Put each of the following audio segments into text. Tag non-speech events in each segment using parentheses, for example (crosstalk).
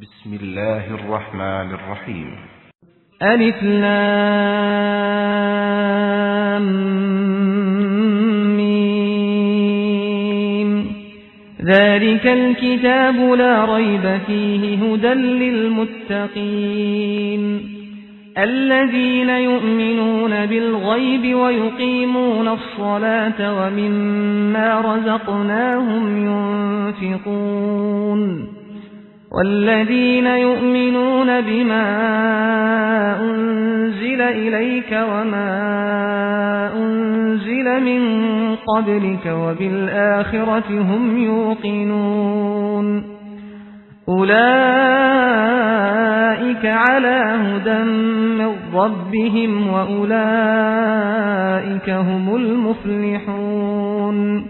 بسم الله الرحمن الرحيم ألف لام ذلك الكتاب لا ريب فيه هدى للمتقين الذين يؤمنون بالغيب ويقيمون الصلاة ومما رزقناهم ينفقون والذين يؤمنون بما أنزل إليك وما أنزل من قبلك وبالآخرة هم يوقنون أولئك على هدى من ربهم وأولئك هم المفلحون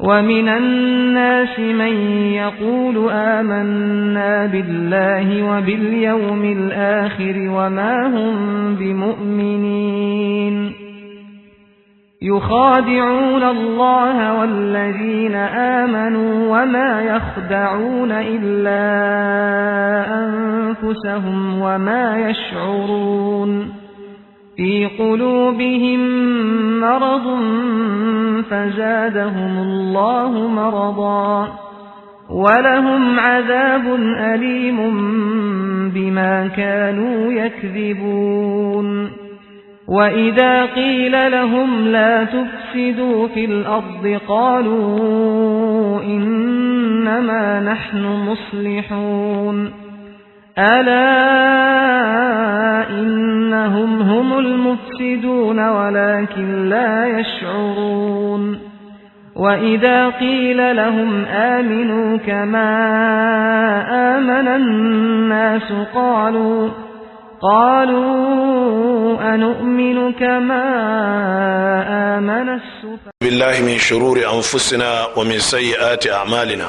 ومن الناس من يقول آمنا بالله وباليوم الآخر وما هم بمؤمنين يخادعون الله والذين آمنوا وما يخدعون إلا أنفسهم وما يشعرون في قلوبهم مرض فزادهم الله مرضا ولهم عذاب أليم بما كانوا يكذبون وإذا قيل لهم لا تفسدوا في الأرض قالوا إنما نحن مصلحون ألا إنهم هم المفسدون ولكن لا يشعرون وإذا قيل لهم آمنوا كما آمن الناس قالوا قالوا أنؤمن كما آمن السفهاء بالله من شرور أنفسنا ومن سيئات أعمالنا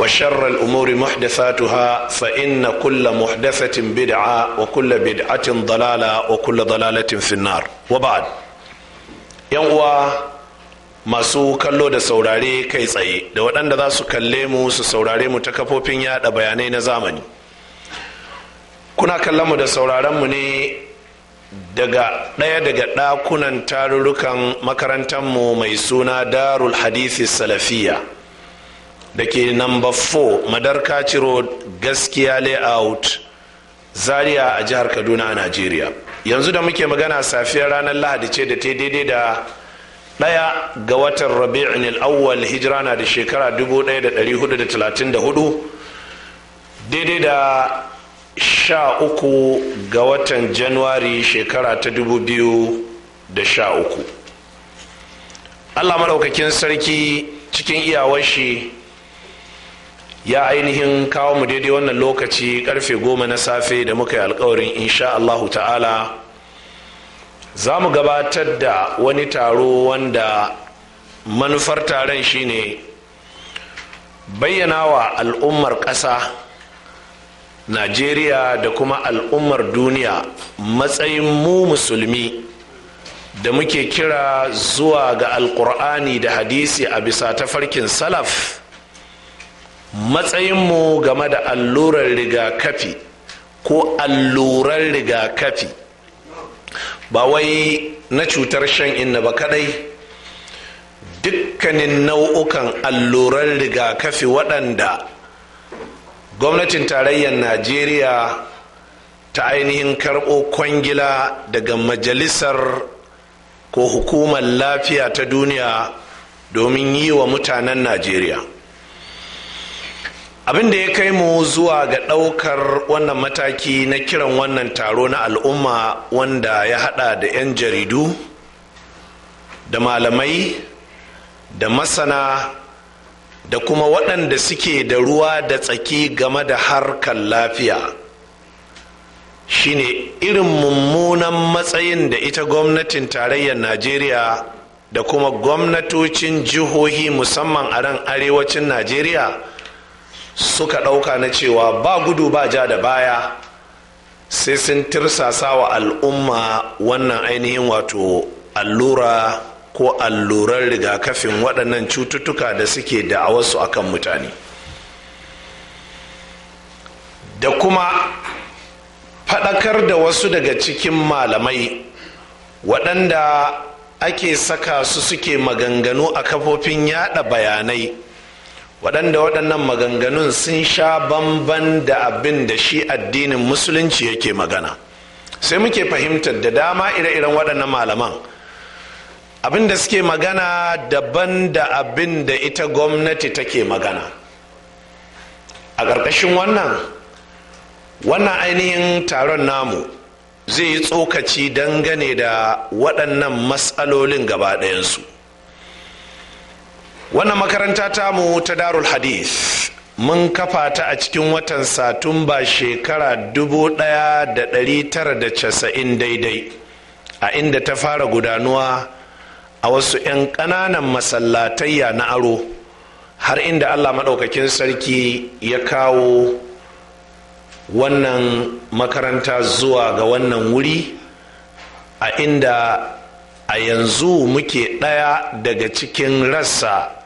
wa وشر الأمور محدثاتها فإن كل محدثة بدعة وكل بدعة dalala وكل ضلالة في النار 'yan uwa masu kallo da saurare kai tsaye da waɗanda za su kalle mu su saurare mu ta kafofin yaɗa bayanai na zamani kuna kallon mu da sauraron mu ne daga ɗaya daga ɗakunan tarurrukan makarantar mu mai suna darul hadisi salafiya da ke number 4 madarka ciro gaskiya layout zaria a jihar kaduna a nigeria. yanzu da muke magana safiyar ranar lahadi ce da ta daidai da daya ga watan rabi'in al'awwal hijira na da shekara 1434 daidai da sha uku ga watan januwari shekara ta dubu biyu da sha uku allah maɗaukakin sarki cikin iyawashi ya ainihin kawo mu daidai wannan lokaci karfe goma na safe da muka yi alkawarin insha Allahu ta'ala za mu gabatar da wani taro wanda manufar taron shine bayyana wa al'ummar ƙasa najeriya da kuma al'ummar duniya matsayin mu musulmi da muke kira zuwa ga alkur'ani da hadisi a bisa tafarkin salaf matsayinmu game da allurar rigakafi ko allurar rigakafi ba wai na cutar shan inna ba kadai dukkanin nau'ukan alluran rigakafi waɗanda gwamnatin tarayyar najeriya ta ainihin karɓo kwangila daga majalisar ko hukumar lafiya ta duniya domin yi wa mutanen najeriya abin da ya kai mu zuwa ga ɗaukar wannan mataki na kiran wannan taro na al'umma wanda ya hada da 'yan jaridu da malamai da masana da kuma waɗanda suke da ruwa da tsaki game da harkar lafiya shine irin mummunan matsayin da ita gwamnatin tarayyar najeriya da kuma gwamnatocin jihohi musamman a ran arewacin najeriya suka ɗauka na cewa ba gudu ba ja da baya sai sun tirsasa wa al'umma wannan ainihin wato allura ko alluran rigakafin waɗannan cututtuka da suke da a wasu akan mutane da kuma faɗakar da wasu daga cikin malamai waɗanda ake saka su suke maganganu a kafofin yada bayanai waɗanda waɗannan maganganun sun sha bamban da abin da shi addinin musulunci yake magana sai muke fahimtar da dama ire-iren waɗannan malaman abin da suke magana daban da abin da ita gwamnati take magana a ƙarƙashin wannan wannan ainihin taron namu zai yi tsokaci dangane da waɗannan matsalolin gaba ɗayansu wannan makaranta ta mu ta darul hadith mun kafa ta a cikin watan satumba shekara 1990 daidai a inda ta fara gudanuwa a wasu 'yan ƙananan masallatayya na aro har inda allah maɗaukakin sarki ya kawo wannan makaranta zuwa ga wannan wuri a inda a yanzu muke ɗaya daga cikin rassa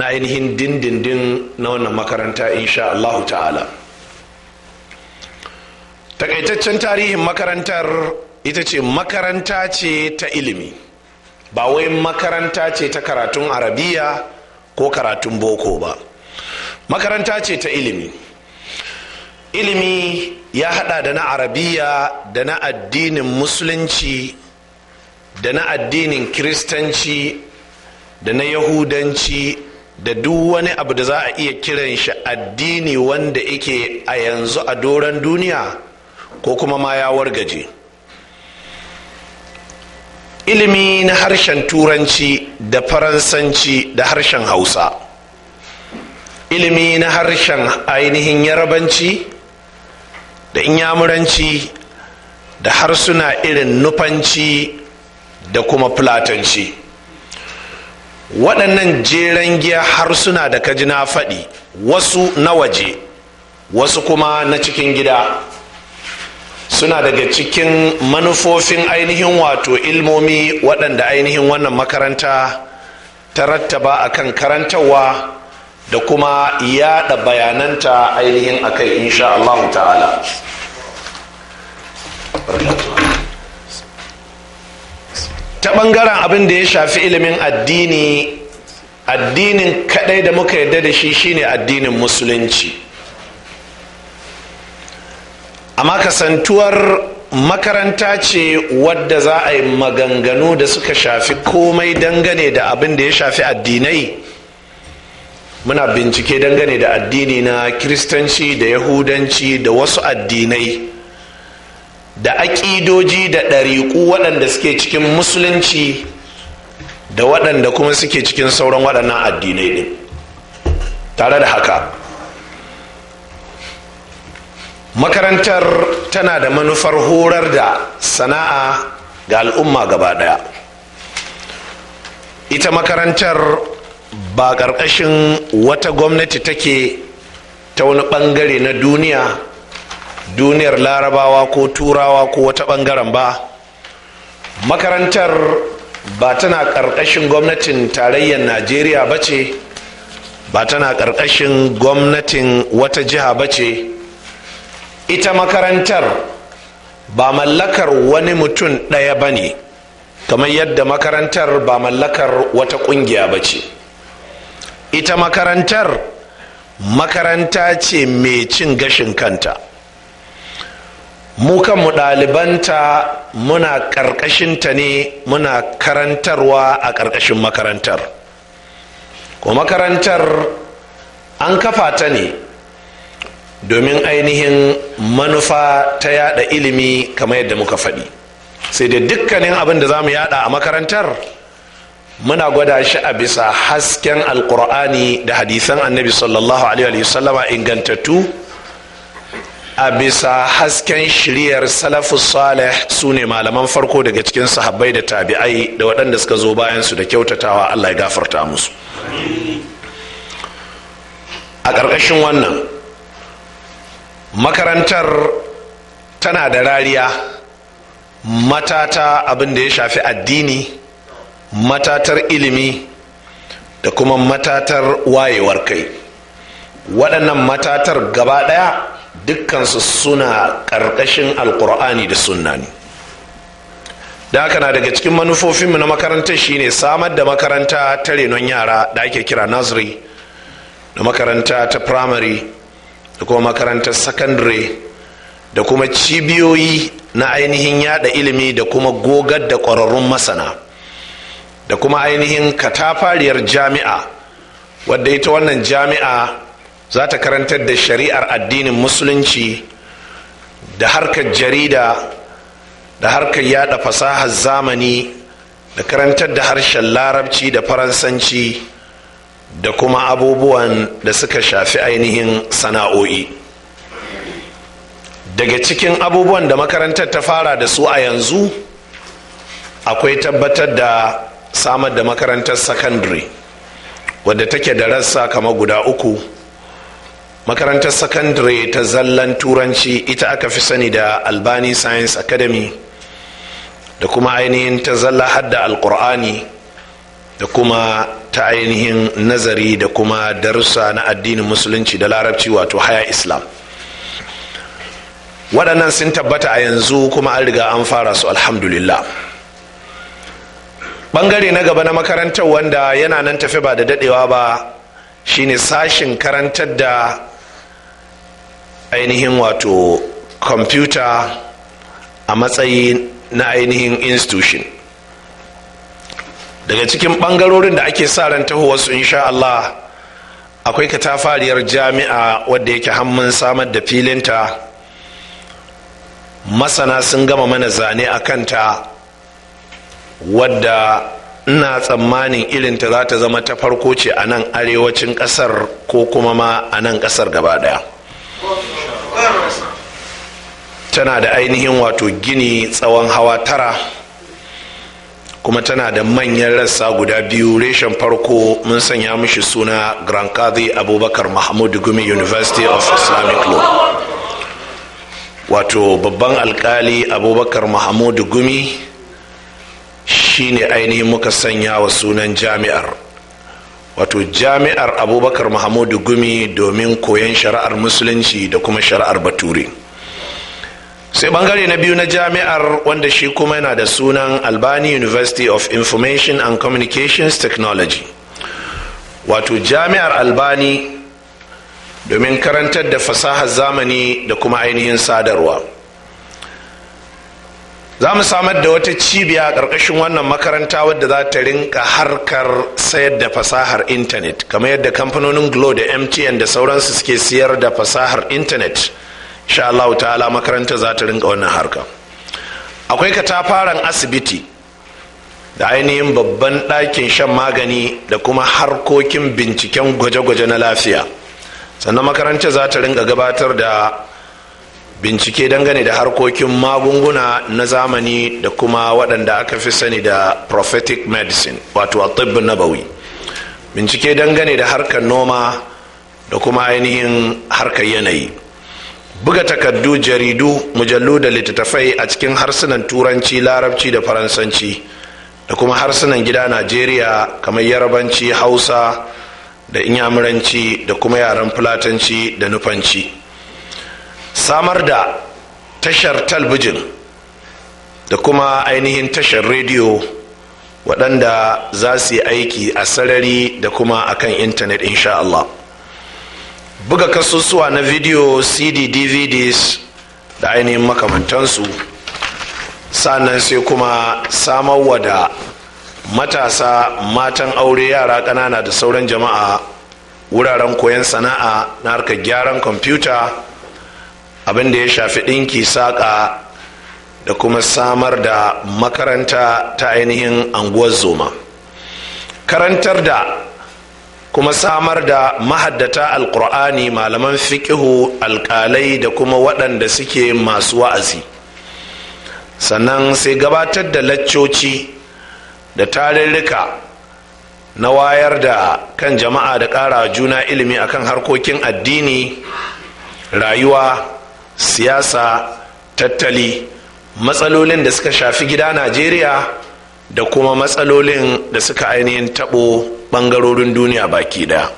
na ainihin dindindin na wannan makaranta insha Allahu ta'ala takaitaccen tarihin makarantar ita ce makaranta ce ta ilimi ba wai makaranta ce ta karatun arabiya ko karatun boko ba makaranta ce ta ilimi ilimi ya hada da na arabiya da na addinin musulunci da na addinin kiristanci da na yahudanci da duk wani abu da za a iya kiran shi addini wanda yake a yanzu a doron duniya ko kuma ma ya wargaje ilimi na harshen turanci da faransanci da harshen hausa ilimi na harshen ainihin yarabanci da inyamuranci da harsuna irin nufanci da kuma fulatanci waɗannan jeren giya harsuna da kaji na faɗi wasu na waje wasu kuma na cikin gida suna daga cikin manufofin ainihin wato ilmomi waɗanda ainihin wannan makaranta ta rattaba akan karantarwa da kuma yaɗa bayananta ainihin akai insha Allah ta'ala. ta ɓangaren abin da ya shafi ilimin addini addinin kadai da muka yarda da shi shine addinin musulunci amma kasantuwar makaranta ce wadda za a yi maganganu da suka shafi komai dangane da abin da ya shafi addinai muna bincike dangane da addini na kiristanci da yahudanci da wasu addinai da aƙidoji da ɗariƙu waɗanda suke cikin musulunci da waɗanda kuma suke cikin sauran waɗannan addinai ɗin tare da haka makarantar tana da manufar horar da sana'a ga al'umma gaba ɗaya ita makarantar ba ƙarƙashin wata gwamnati take ta wani ɓangare na duniya duniyar larabawa ko turawa ko wata bangaren ba makarantar ba tana ƙarƙashin gwamnatin tarayyar najeriya ba ce ba tana ƙarƙashin gwamnatin wata jiha ba ce ita makarantar ba mallakar wani mutum ɗaya ba ne kamar yadda makarantar ba mallakar wata ƙungiya ba ce ita makarantar makaranta ce mai cin gashin kanta mu kanmu ɗalibanta muna ta ne muna karantarwa a ƙarƙashin makarantar ko makarantar an kafa ta ne domin ainihin manufa ta yada ilimi kamar yadda muka faɗi sai da dukkanin abin da za mu yada a makarantar muna gwada shi a bisa hasken alkur'ani da hadisan annabi sallallahu alaihi wasallama ingantattu a bisa hasken shiriyar Salafu salih su ne malaman farko daga cikin sahabbai da tabi'ai da waɗanda suka zo bayan su da kyautatawa allah ya gafarta musu a ƙarƙashin wannan makarantar tana da rariya matata abin da ya shafi addini matatar ilimi da kuma matatar wayewar kai waɗannan matatar gaba ɗaya dukkansu suna ƙarƙashin Alƙur'ani da sunna ne da haka na daga cikin manufofinmu na makarantar shine samar da makaranta ta renon yara da ake kira nursery da makaranta ta primary da kuma makarantar secondary da kuma cibiyoyi na ainihin yada ilimi da kuma gogar da ƙwararrun masana da kuma ainihin katafariyar jami'a wadda ita wannan jami'a za ta karantar da shari'ar addinin musulunci da harkar jarida da harkar yada fasahar zamani da karantar da harshen larabci da faransanci da kuma abubuwan da suka shafi ainihin sana'o'i daga cikin abubuwan da makarantar ta fara da su a yanzu akwai tabbatar da samar da makarantar secondary, wadda take da rassa kama guda uku makarantar sakandare ta zallan turanci ita aka fi sani da albani science academy da kuma ainihin ta zalla hadda alkur'ani da kuma ta ainihin nazari da kuma darussa na addinin musulunci da larabci wato haya islam waɗannan sun tabbata a yanzu kuma an riga an fara su alhamdulillah ɓangare na gaba na makarantar wanda yana nan tafi ba da daɗewa ba shine sashin karantar da ainihin wato kwamfuta a matsayi na ainihin institution daga cikin bangarorin da ake sa ran tahowarsu insha Allah akwai katafariyar jami'a wadda yake hannun samar da filinta masana sun gama mana zane a kanta wadda ina tsammanin irinta za ta zama ta farko ce a nan arewacin kasar ko kuma ma a nan kasar gaba daya tana da ainihin wato gini tsawon hawa tara kuma tana da manyan rassa guda biyu reshen farko mun sanya mishi suna grand kazi abubakar mahmud gumi university of islamic law wato babban alkali abubakar mahmud gumi shine ainihin muka sanya wa sunan jami'ar wato jami'ar abubakar mahamudu gumi domin koyon shari'ar musulunci da kuma shari'ar bature sai bangare na biyu na jami'ar wanda shi kuma yana da sunan albani university of information and communications technology wato jami'ar albani domin karantar da fasahar zamani da kuma ainihin sadarwa za mu samar da wata cibiya a ƙarƙashin wannan makaranta wadda za ta rinka harkar sayar da fasahar intanet kamar yadda kamfanonin glo da mtn da sauransu suke siyar da fasahar intanet sha Allah ta'ala makaranta za ta rinka wannan harka akwai ka katafaren asibiti da ainihin babban ɗakin shan magani da kuma harkokin binciken gwaje-gwaje na lafiya sannan makaranta za ta rinka gabatar da bincike dangane da harkokin magunguna na zamani da kuma waɗanda aka fi sani da prophetic medicine wato a tibbin nabawi bincike dangane da harkar noma da kuma ainihin harkar yanayi buga takardu jaridu mujallu da littattafai a cikin harsunan turanci larabci da faransanci da kuma harsunan gida najeriya kamar yarabanci hausa da inyamuranci da kuma yaren fulatanci da nufanci samar da tashar talbijin da kuma ainihin tashar rediyo waɗanda za su yi aiki a sarari da kuma a kan intanet insha Allah buga kasusuwa na video cd dvds da ainihin makamantansu sannan sai kuma samarwa da matasa matan aure yara ƙanana da sauran jama'a wuraren koyon sana'a na harkar gyaran kwamfuta abin da ya shafi ɗinki saƙa da kuma samar da makaranta ta ainihin anguwar zoma karantar da kuma samar da mahaddata alkur'ani malaman fiƙihu alƙalai da kuma waɗanda suke masu wa'azi sannan sai gabatar da laccoci da tarurruka na wayar da kan jama'a da ƙara juna ilimi akan harkokin addini rayuwa siyasa tattali matsalolin da suka shafi gida najeriya da kuma matsalolin da suka ainihin tabo bangarorin duniya baki da.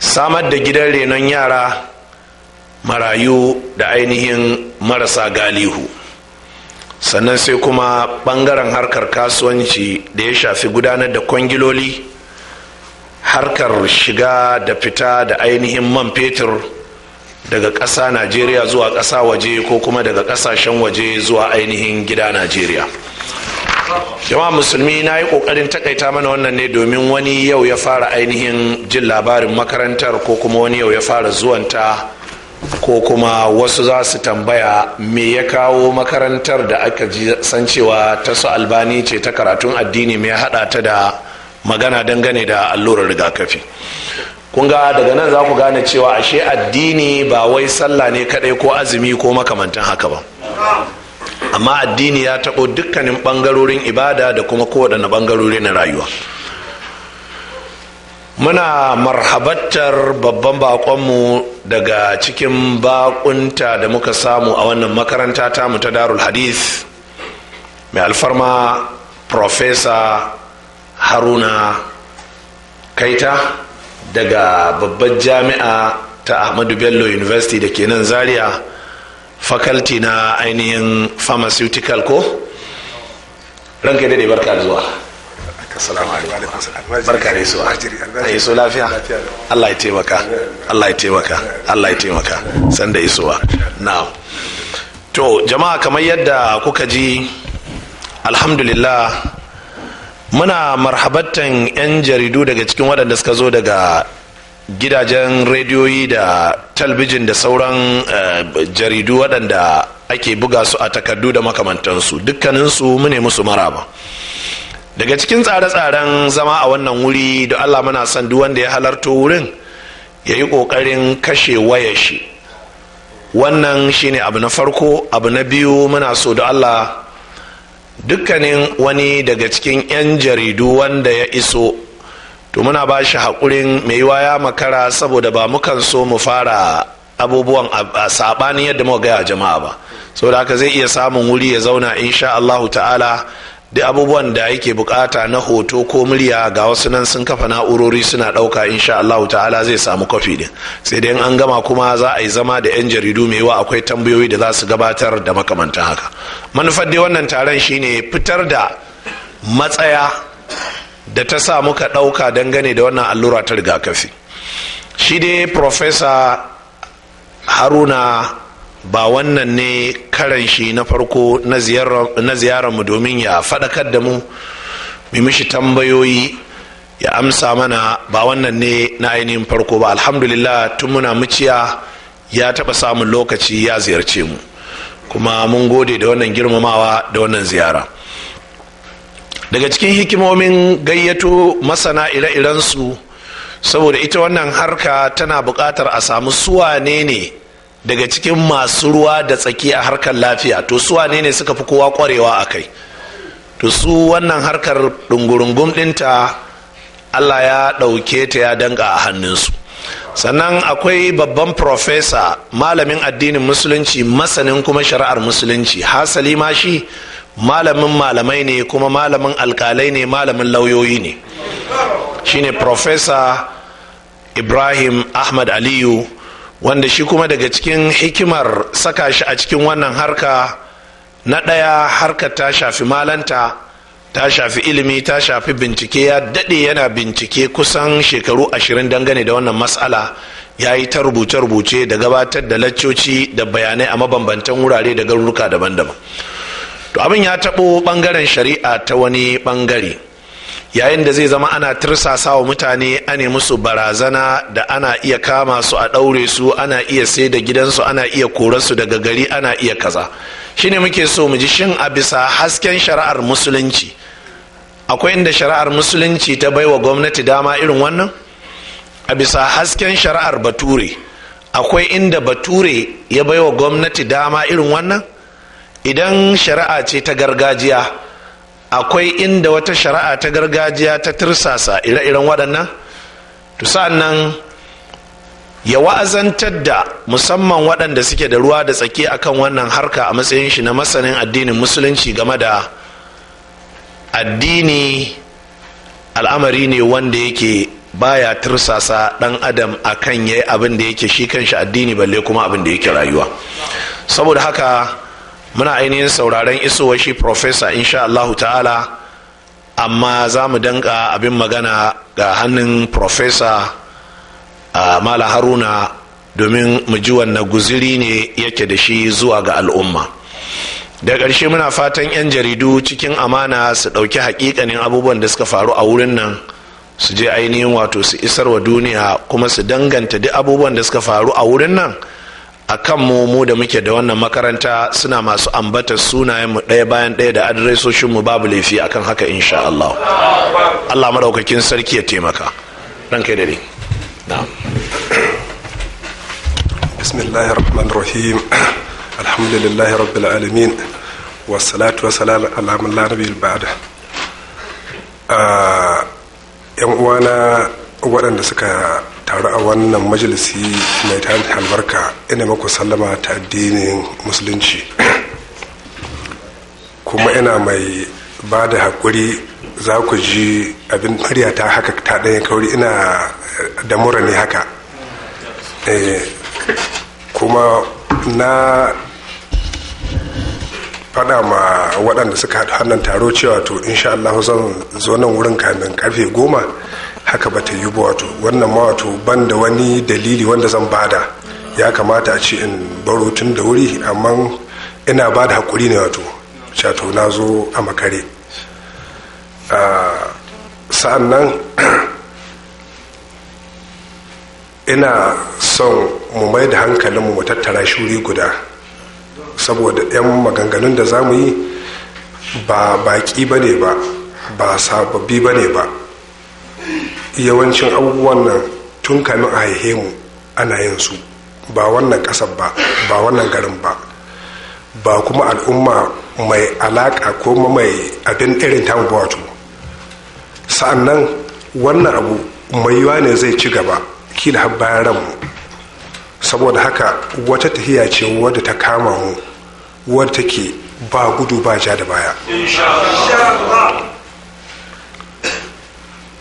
samar da gidan renon yara marayu da ainihin marasa galihu sannan sai kuma bangaren harkar kasuwanci da ya shafi gudanar da kwangiloli harkar shiga da fita da ainihin man fetur daga ƙasa najeriya zuwa ƙasa waje ko kuma daga ƙasashen waje zuwa ainihin gida najeriya jama'a musulmi na yi ƙoƙarin takaita mana wannan ne domin wani yau ya fara ainihin jin labarin makarantar ko kuma wani yau ya fara zuwanta ko kuma wasu za su tambaya me ya kawo makarantar da aka ji san cewa ta su albani ce ta karatun addini mai haɗa ta da magana dangane da allurar rigakafi kun ga daga nan za ku gane cewa ashe addini ba wai sallah ne kadai ko azumi ko makamantan haka ba amma addini ya taɓo dukkanin ɓangarorin ibada da kuma kowaɗanne ɓangarori na rayuwa muna marhabattar babban baƙonmu daga cikin baƙunta da muka samu a wannan makaranta mu ta darul hadith mai alfarma profesa haruna kaita daga babbar jami'a ta ahmadu bello university da ke nan zaria faculty na ainihin pharmaceutical ko ranka daidai barka da zuwa barka da zuwa a iso lafiya allah ya taimaka allah ya taimaka allah ya taimaka sanda isowa na to jama'a kamar yadda kuka ji alhamdulillah muna marhabattan 'yan jaridu daga cikin waɗanda suka zo daga gidajen rediyoyi da talbijin da sauran eh, jaridu waɗanda ake buga su a takardu da makamantansu dukkaninsu mune musu maraba daga cikin tsare-tsaren zama a wannan wuri da allah muna son duk wanda ya halarto wurin ya yi ƙoƙarin kashe wayashi shi wannan shine abu na farko abu na biyu muna so da allah dukkanin wani daga cikin 'yan jaridu wanda ya iso to muna ba shi haƙurin mai waya makara saboda ba mukan so mu fara abubuwan a saɓanin yadda muka gaya jama'a ba saboda haka zai iya samun wuri ya zauna insha Allahu ta'ala da abubuwan da yake bukata na hoto ko murya ga wasu nan sun kafa na'urori suna ɗauka insha Allah ta'ala zai samu kofi din sai dai an gama kuma za a yi zama da yan jaridu mai yawa akwai tambayoyi da za su gabatar da makamantan haka manufar dai wannan taron shine fitar da matsaya da ta sa muka ɗauka dangane da wannan allura ta rigakafi shi dai professor haruna ba wannan ne karan shi na farko na ziyararmu domin ya faɗakar da mu mishi tambayoyi ya amsa mana ba wannan ne na ainihin farko ba alhamdulillah tun muna muciya ya taɓa samun lokaci ya ziyarce mu kuma mun gode da wannan girmamawa da wannan ziyara daga cikin hikimomin gayyato masana ire-irensu saboda ita wannan harka tana buƙatar a samu ne ne daga cikin masu ruwa da tsaki a harkar lafiya to su wane ne suka fi kowa kwarewa a kai to su wannan harkar ɗungurungun ɗinta allah ya ɗauke ta ya danga a hannunsu sannan akwai babban profesa malamin addinin musulunci masanin kuma shari'ar musulunci hasali ma shi malamin malamai ne kuma malamin alkalai ne malamin lauyoyi ne shine profesa ibrahim ahmad aliyu wanda shi kuma daga cikin hikimar saka shi a cikin wannan harka na ɗaya harkar ta shafi malanta ta shafi ilimi ta shafi bincike ya daɗe yana bincike kusan shekaru ashirin dangane da wannan matsala ya yi ta rubuce-rubuce da gabatar da laccoci da bayanai a mabambantan wurare da garuruka daban-daban to abin ya taɓo ɓangaren shari'a ta wani ɓangare yayin da zai zama ana tirsasa wa mutane ne musu barazana da ana iya kama su a ɗaure su ana iya sai da gidansu ana iya korarsu daga gari ana iya kaza ne muke so mu ji shin a bisa hasken shari'ar musulunci akwai inda shari'ar musulunci ta baiwa gwamnati dama irin wannan a bisa hasken shari'ar bature akwai inda bature ya baiwa gwamnati dama irin wannan idan shari'a ce ta gargajiya akwai inda wata shari'a ta gargajiya ta tirsasa ire-iren waɗannan to nan ya wa'azantar da musamman waɗanda suke da ruwa da tsaki akan wannan harka a matsayin shi na masanin addinin musulunci game da addini al'amari ne wanda yake baya tirsasa ɗan adam a kan yayi abin da yake shi kanshi addini balle kuma abin da yake rayuwa saboda haka muna ainihin sauraren isowar shi profesa insha Allahu ta'ala amma za mu danka abin magana ga hannun profesa mala haruna domin mu ji wanne guziri ne yake da shi zuwa ga al'umma da ƙarshe muna fatan 'yan jaridu cikin amana su ɗauki haƙiƙanin abubuwan da suka faru a wurin nan su je ainihin wato su isar wa duniya kuma su danganta duk abubuwan da suka faru a wurin nan a kan mu da muke da wannan makaranta suna masu ambata sunayenmu ɗaya bayan ɗaya da adiresoshinmu babu laifi akan haka insha Allah Allah maɗaukakin sarki ya taimaka ɗan kai dare bismillahir rahmanir rahim alhamdulillahi rabbil alamin wassalatu wassalamu ala man la nabiyil ba'da ah, yan uwana waɗanda suka taru a wannan majalisi mai da albarka ina maku sallama ta addinin musulunci kuma ina mai ba da haƙuri za ku ji abin murya ta haka ta ɗaya kauri ina da mura ne haka eh, kuma na faɗa ma waɗanda suka haɗu hannun taro cewa to insha Allah zan zo nan wurin kamin karfe goma haka ba ta yi ba wato wannan ma wato ban da wani dalili wanda zan bada ya kamata a ce in baro tun da wuri amma ina ba da haƙuri ne wato shato na zo a makare ah, sa'an nan (clears throat) ina son mu mai da hankalin mu tattara shuri guda saboda 'yan maganganun da za mu yi ba baƙi ba ne ba ba sababbi ba ne ba yawancin abubuwan nan tun kamin a haihe mu ana yin su ba wannan ƙasar ba ba wannan garin ba ba kuma al'umma mai alaƙa ko mai abin irin ta wato sa'annan wannan abu mai yiwa ne zai ci gaba kila har bayan ranmu saboda haka wata tahiya ce wadda ta kama mu wadda take ba gudu ba ja da baya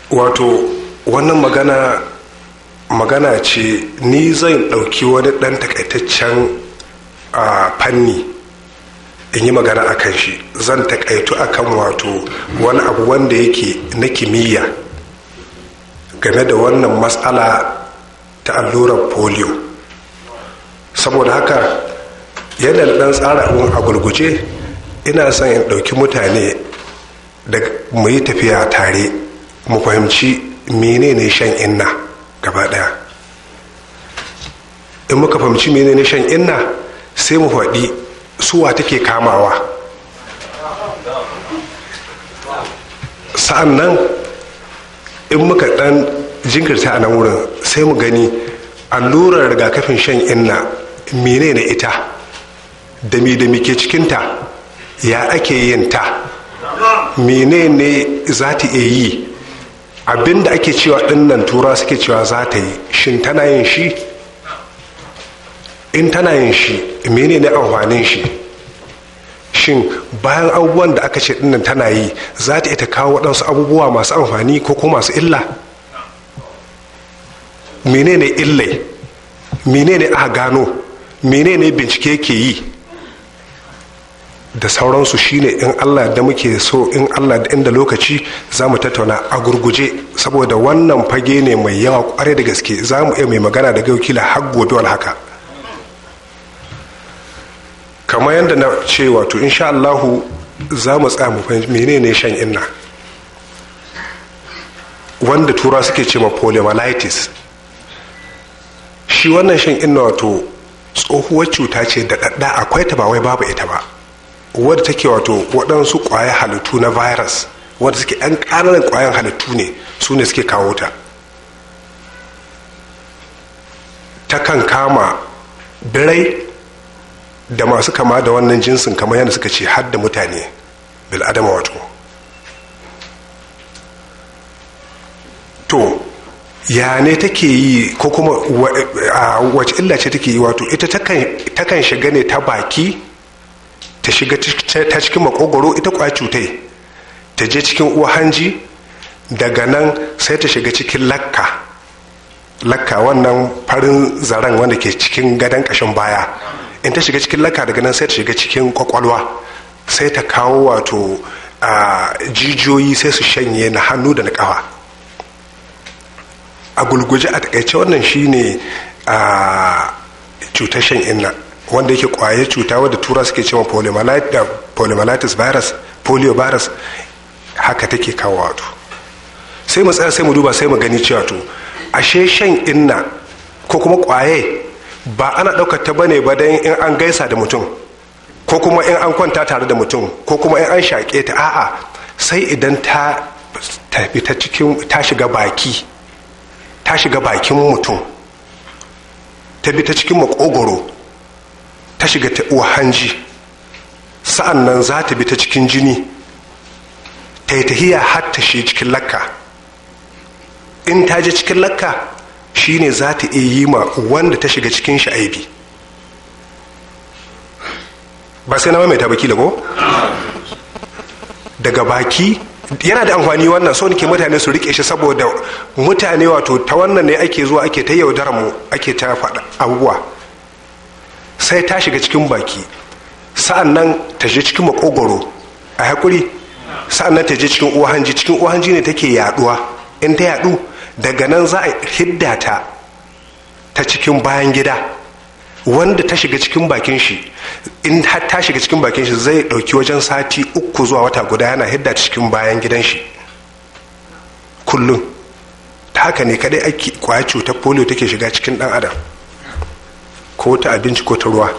wato wannan magana magana ce ni zan ɗauki wani ɗan takaitaccen a fanni in yi magana a kan shi zan takaitu a kan wato wani abu wanda yake na kimiyya game da wannan matsala ta allurar polio saboda haka yadda da ɗan tsara abin a gurguje ina son in ɗauki mutane da mu yi tafiya tare mu fahimci menene shan inna gaba daya in muka fahimci menene shan inna sai mu faɗi suwa take kamawa sa'an nan in muka ɗan jinkirta a nan wurin sai mu gani allurar rigakafin shan inna menene ita da mi ke cikinta ya ake yin ta menene za ta iya yi abinda ake cewa dinnan tura suke cewa za ta yi shin tana yin shi in tana yin shi mene ne amfanin shi shin bayan abubuwan da aka ce dinnan tana yi za ta ita kawo waɗansu abubuwa masu amfani ko kuma masu illa mene ne illai mene ne aka gano mene ne bincike ke yi da sauransu shine in allah da muke so in allah da inda lokaci za mu tattauna a gurguje saboda wannan fage ne mai yawa kware da gaske za mu iya mai magana da gaukila har gobe haka kamar yadda na ce wato insha allahu za mu tsaya mu menene shan inna wanda tura suke ce ma polymalitis shi wannan shan inna wato tsohuwar cuta ce da akwai ta ba wai babu ita ba wadda take wato waɗansu ƙwayar halittu na virus wadda suke ɗan ƙananan ƙwayar halittu ne su ne suke kawo ta kan kama birai da masu kama da wannan jinsin kamar yadda suka ce har da mutane bil'adama wato to ya ne take yi ko kuma wace illa ce take yi wato ita takan shiga ne ta baki ta shiga ta cikin makogoro ita kwa cutai ta je cikin uwa hanji daga nan sai ta shiga cikin lakka lakka wannan farin zaren wanda ke cikin gadon kashin baya in ta shiga cikin lakka daga nan sai ta shiga cikin kwakwalwa sai ta kawo wato jijiyoyi sai su shanye na hannu da na kafa a gulguje a takaice wannan shine a cutar shan inna wanda yake kwayar cuta wadda tura suke cewa polymyelitis virus polio virus haka take kawo wato sai mu tsaya sai mu duba sai mu gani cewa to ashe shan inna ko kuma kwaye ba ana ɗaukar ta bane ba dan in an gaisa da mutum ko kuma in an kwanta tare da mutum ko kuma in an shaƙe ta a'a sai idan ta tafi ta cikin ta shiga baki ta shiga bakin mutum ta bi ta cikin makogoro ta shiga ta uwa hanji sa'an nan za ta bi ta cikin jini ta yi tahiya har ta shi cikin lakka in ta je cikin lakka shi ne za ta iya yi ma wanda ta shiga cikin shi aibi ba sai na ta baki da daga baki yana da amfani wannan so nake mutane su rike shi saboda mutane wato ta wannan ne ake zuwa ake ta yaudarar mu ake ta faɗa abubuwa sai ta shiga cikin baki sa'an nan ta je cikin makogoro a haƙuri sa'an nan ta je cikin uwa hanji cikin uwa hanji ne take yaduwa in ta yadu daga nan za a hidda ta ta cikin bayan gida wanda ta shiga cikin bakin shi in har ta shiga cikin bakin shi zai ɗauki wajen sati uku zuwa wata guda yana hidda ta cikin bayan gidan shi kullum ta haka ne kadai ake kwaya cutar polio take shiga cikin dan adam ko ta abinci ko ta ruwa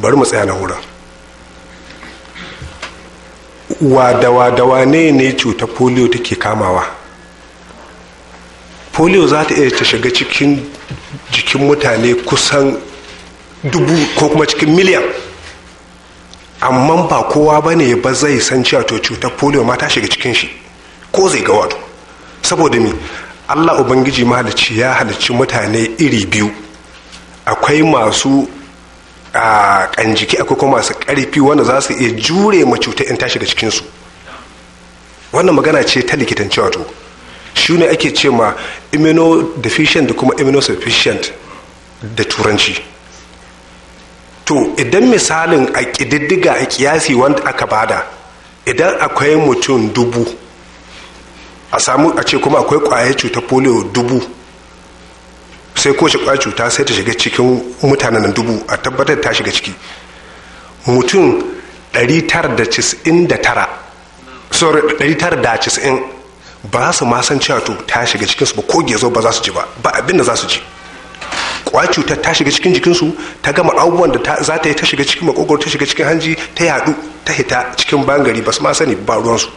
bari mu tsaya na wurin wadawa ne ne cutar polio take kamawa polio za ta iya ta shiga cikin jikin mutane kusan dubu ko kuma cikin miliyan amma ba kowa ba ne ba zai san cewa to cutar polio ma ta shiga cikin shi ko zai ga wato saboda mi allah ubangiji mahalicci ya halicci mutane iri biyu akwai masu kanjiki akwai kuma masu karfi wanda za su iya jure ma cutar in tashi da cikinsu wannan magana ce ta likitanci wato shi ne ake ce ma immunodeficient da kuma immunosufficient da turanci to idan misalin a kididdiga a kiyasi wanda aka bada idan akwai mutum dubu a samu a ce kuma akwai kwayar cutar polio dubu sai ko shi kwayar cuta sai ta shiga cikin mutanen dubu a tabbatar ta shiga ciki mutum 999 sorry 990 ba su ma san cewa to ta shiga cikinsu ba ko gezo ba za su ji ba ba abin da za su ji kwayar cutar ta shiga cikin jikinsu ta gama abubuwan da za ta yi ta shiga cikin makogoro ta shiga cikin hanji ta yadu ta hita cikin bangare ba su ma sani ba su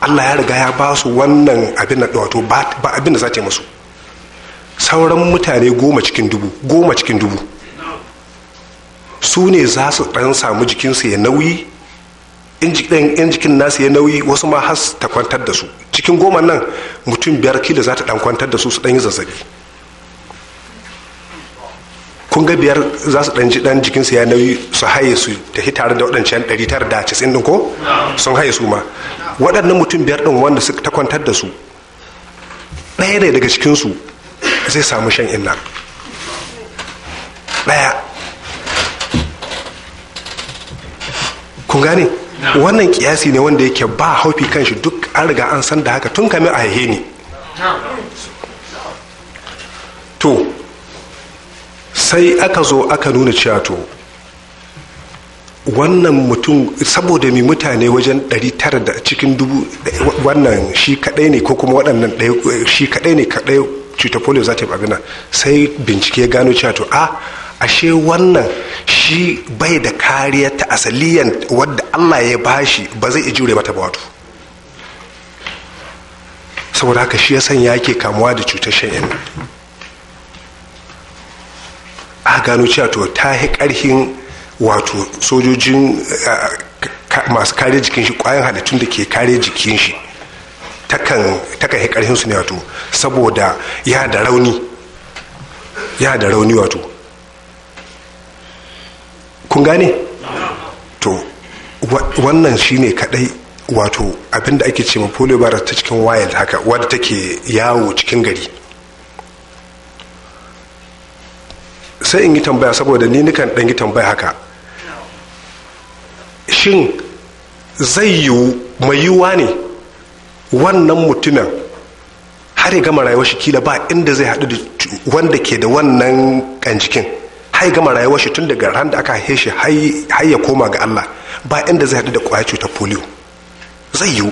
Allah ya riga ya ba su wannan abin da wato ba abin da za ta yi musu sauran mutane goma cikin dubu goma cikin dubu su ne za su ɗan samu jikinsu ya nauyi in jikin nasu ya nauyi wasu ma has ta kwantar da su cikin goma nan mutum biyar kila za ta ɗan kwantar da su su ɗan yi zazzabi kun ga biyar za su ɗan ɗan jikinsu ya nauyi su haye su tafi tare da waɗancan ɗari tara da casin ɗin ko sun haye su ma waɗannan mutum biyar ɗin wanda su ta kwantar da su ɗaya ne daga cikinsu zai samu shan inna ɗaya kun gane wannan kiyasi ne wanda yake ba haufi kan shi duk an riga an san da haka tun kamin a yahe ne to sai aka zo aka nuna cewa to wannan mutum saboda mai mutane wajen 900 cikin dubu wannan shi kadai ne ko kuma waɗannan shi kadai ne kadai cutar polio za ta yi abin sai bincike gano cewa to a ashe wannan shi bai da kariya ta asaliyan wadda allah ya bashi ba zai jure mata ba wato saboda haka shi ya sanya yake kamuwa da cutar shan inna a gano cewa to ta yi karhin wato sojojin masu kare jikin shi kwayan halittun da ke kare jikin shi takan yi karfin su ne wato saboda ya da rauni ya da rauni wato kun gane to wannan shine kadai wato abinda ake ce ma polio virus ta cikin wild haka wadda take yawo cikin gari sai in yi tambaya saboda ni nikan dan yi tambaya haka shin zai yiwu mai yiwuwa ne wannan mutumin har ya gama rayuwar shi kila ba inda zai haɗu da wanda ke da wannan jikin, har ya gama rayuwar shi tun daga ran da aka haife shi har ya koma ga Allah ba inda zai haɗu da ƙwayar cutar polio zai yiwu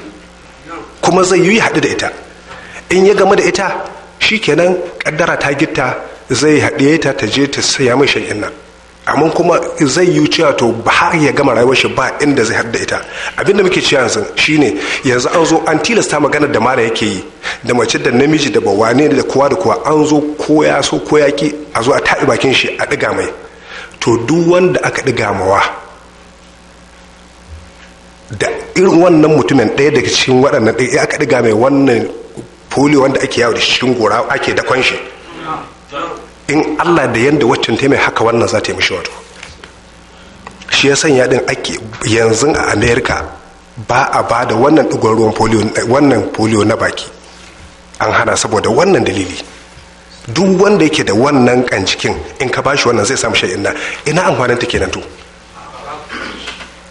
kuma zai yiwu ya haɗu da ita in ya gama da ita shi kenan ƙaddara ta gitta zai haɗe ta ta je ta saya mai shan'in nan amma kuma zai yi cewa to har ya gama rayuwar shi ba inda zai hadda ita abinda muke cewa yanzu shine yanzu an zo an tilasta maganar da mara yake yi da mace da namiji da bawane da kowa da kowa an zo ko ya so ko ya ki a zo a taɓi bakin shi a ɗiga mai to duk wanda aka ɗiga mawa da irin wannan mutumin ɗaya daga cikin waɗannan ɗaya aka ɗiga mai wannan polio wanda ake yawo da cikin gora ake da kwanshi in allah da yadda waccan ta mai haka wannan za ta yi mishi wato shi ya sanya din ake yanzu a america ba a ba da wannan digon ruwan polio wannan polio na baki an hana saboda wannan dalili duk wanda yake da wannan kancikin in ka bashi wannan zai samu sha'in ina ina amfanin ta kenan to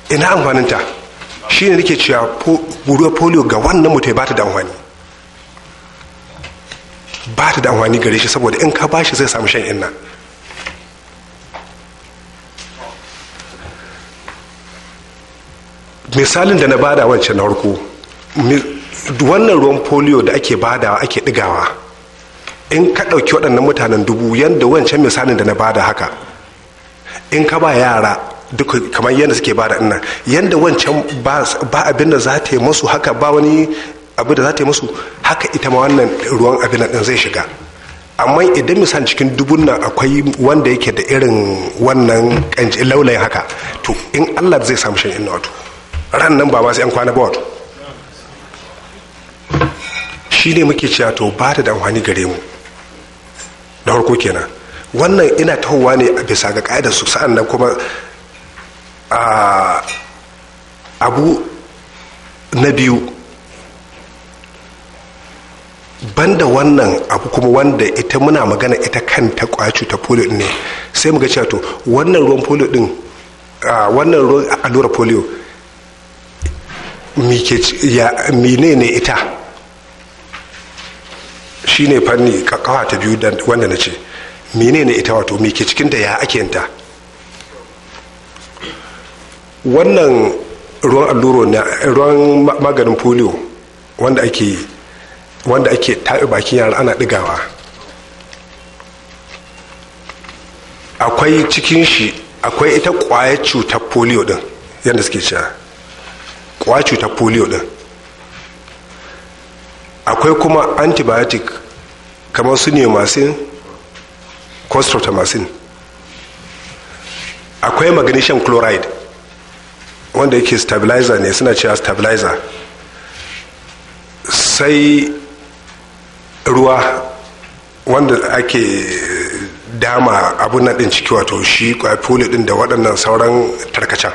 ina amfanin ta shine nake cewa ruwan polio ga wannan mutai ba ta da amfani ba ta da amfani gare shi saboda in ka ba shi zai samu shan inna misalin da na bada wancan na harko wannan ruwan polio da ake badawa ake digawa in ka ɗauki waɗannan mutanen dubu yadda wancan misalin da na bada haka in ka ba yara duka kamar yadda suke bada ina yadda wancan ba abin da za ta yi masu haka ba wani abu da za ta yi musu haka ita ma wannan ruwan abin nan zai shiga amma idan misal cikin dubun nan akwai wanda yake da irin wannan kanji laulayin haka to in allah zai samu shan inna wato ran nan ba ma sai an kwana ba wato shi ne muke cewa to ba ta da amfani gare mu da harko kenan wannan ina tahowa ne a bisa ga ka'idar su sa'an nan kuma ah, abu na biyu banda wannan abu kuma wanda ita muna magana ita kan ta kwacu ta polio ne sai mu ga cewa to wannan ruwan polio din wannan ruwan allura polio mine ne ita shi ne fanni kakawa ta biyu wanda na ce mine ne ita wato me ke cikinta ya ake yanta wannan ruwan alluro na ruwan maganin polio wanda ake yi wanda ake taɓe bakin yara ana ɗigawa akwai cikin shi akwai ita ƙwayar cutar polio ɗin yadda suke cewa ƙwayar cutar polio ɗin akwai kuma antibiotic kamar su neomycin ko streptomycin akwai magnesium chloride wanda yake stabilizer ne suna cewa stabilizer sai ruwa wanda ake dama abun nan din ciki wato shi kwafuli din da waɗannan sauran tarkacen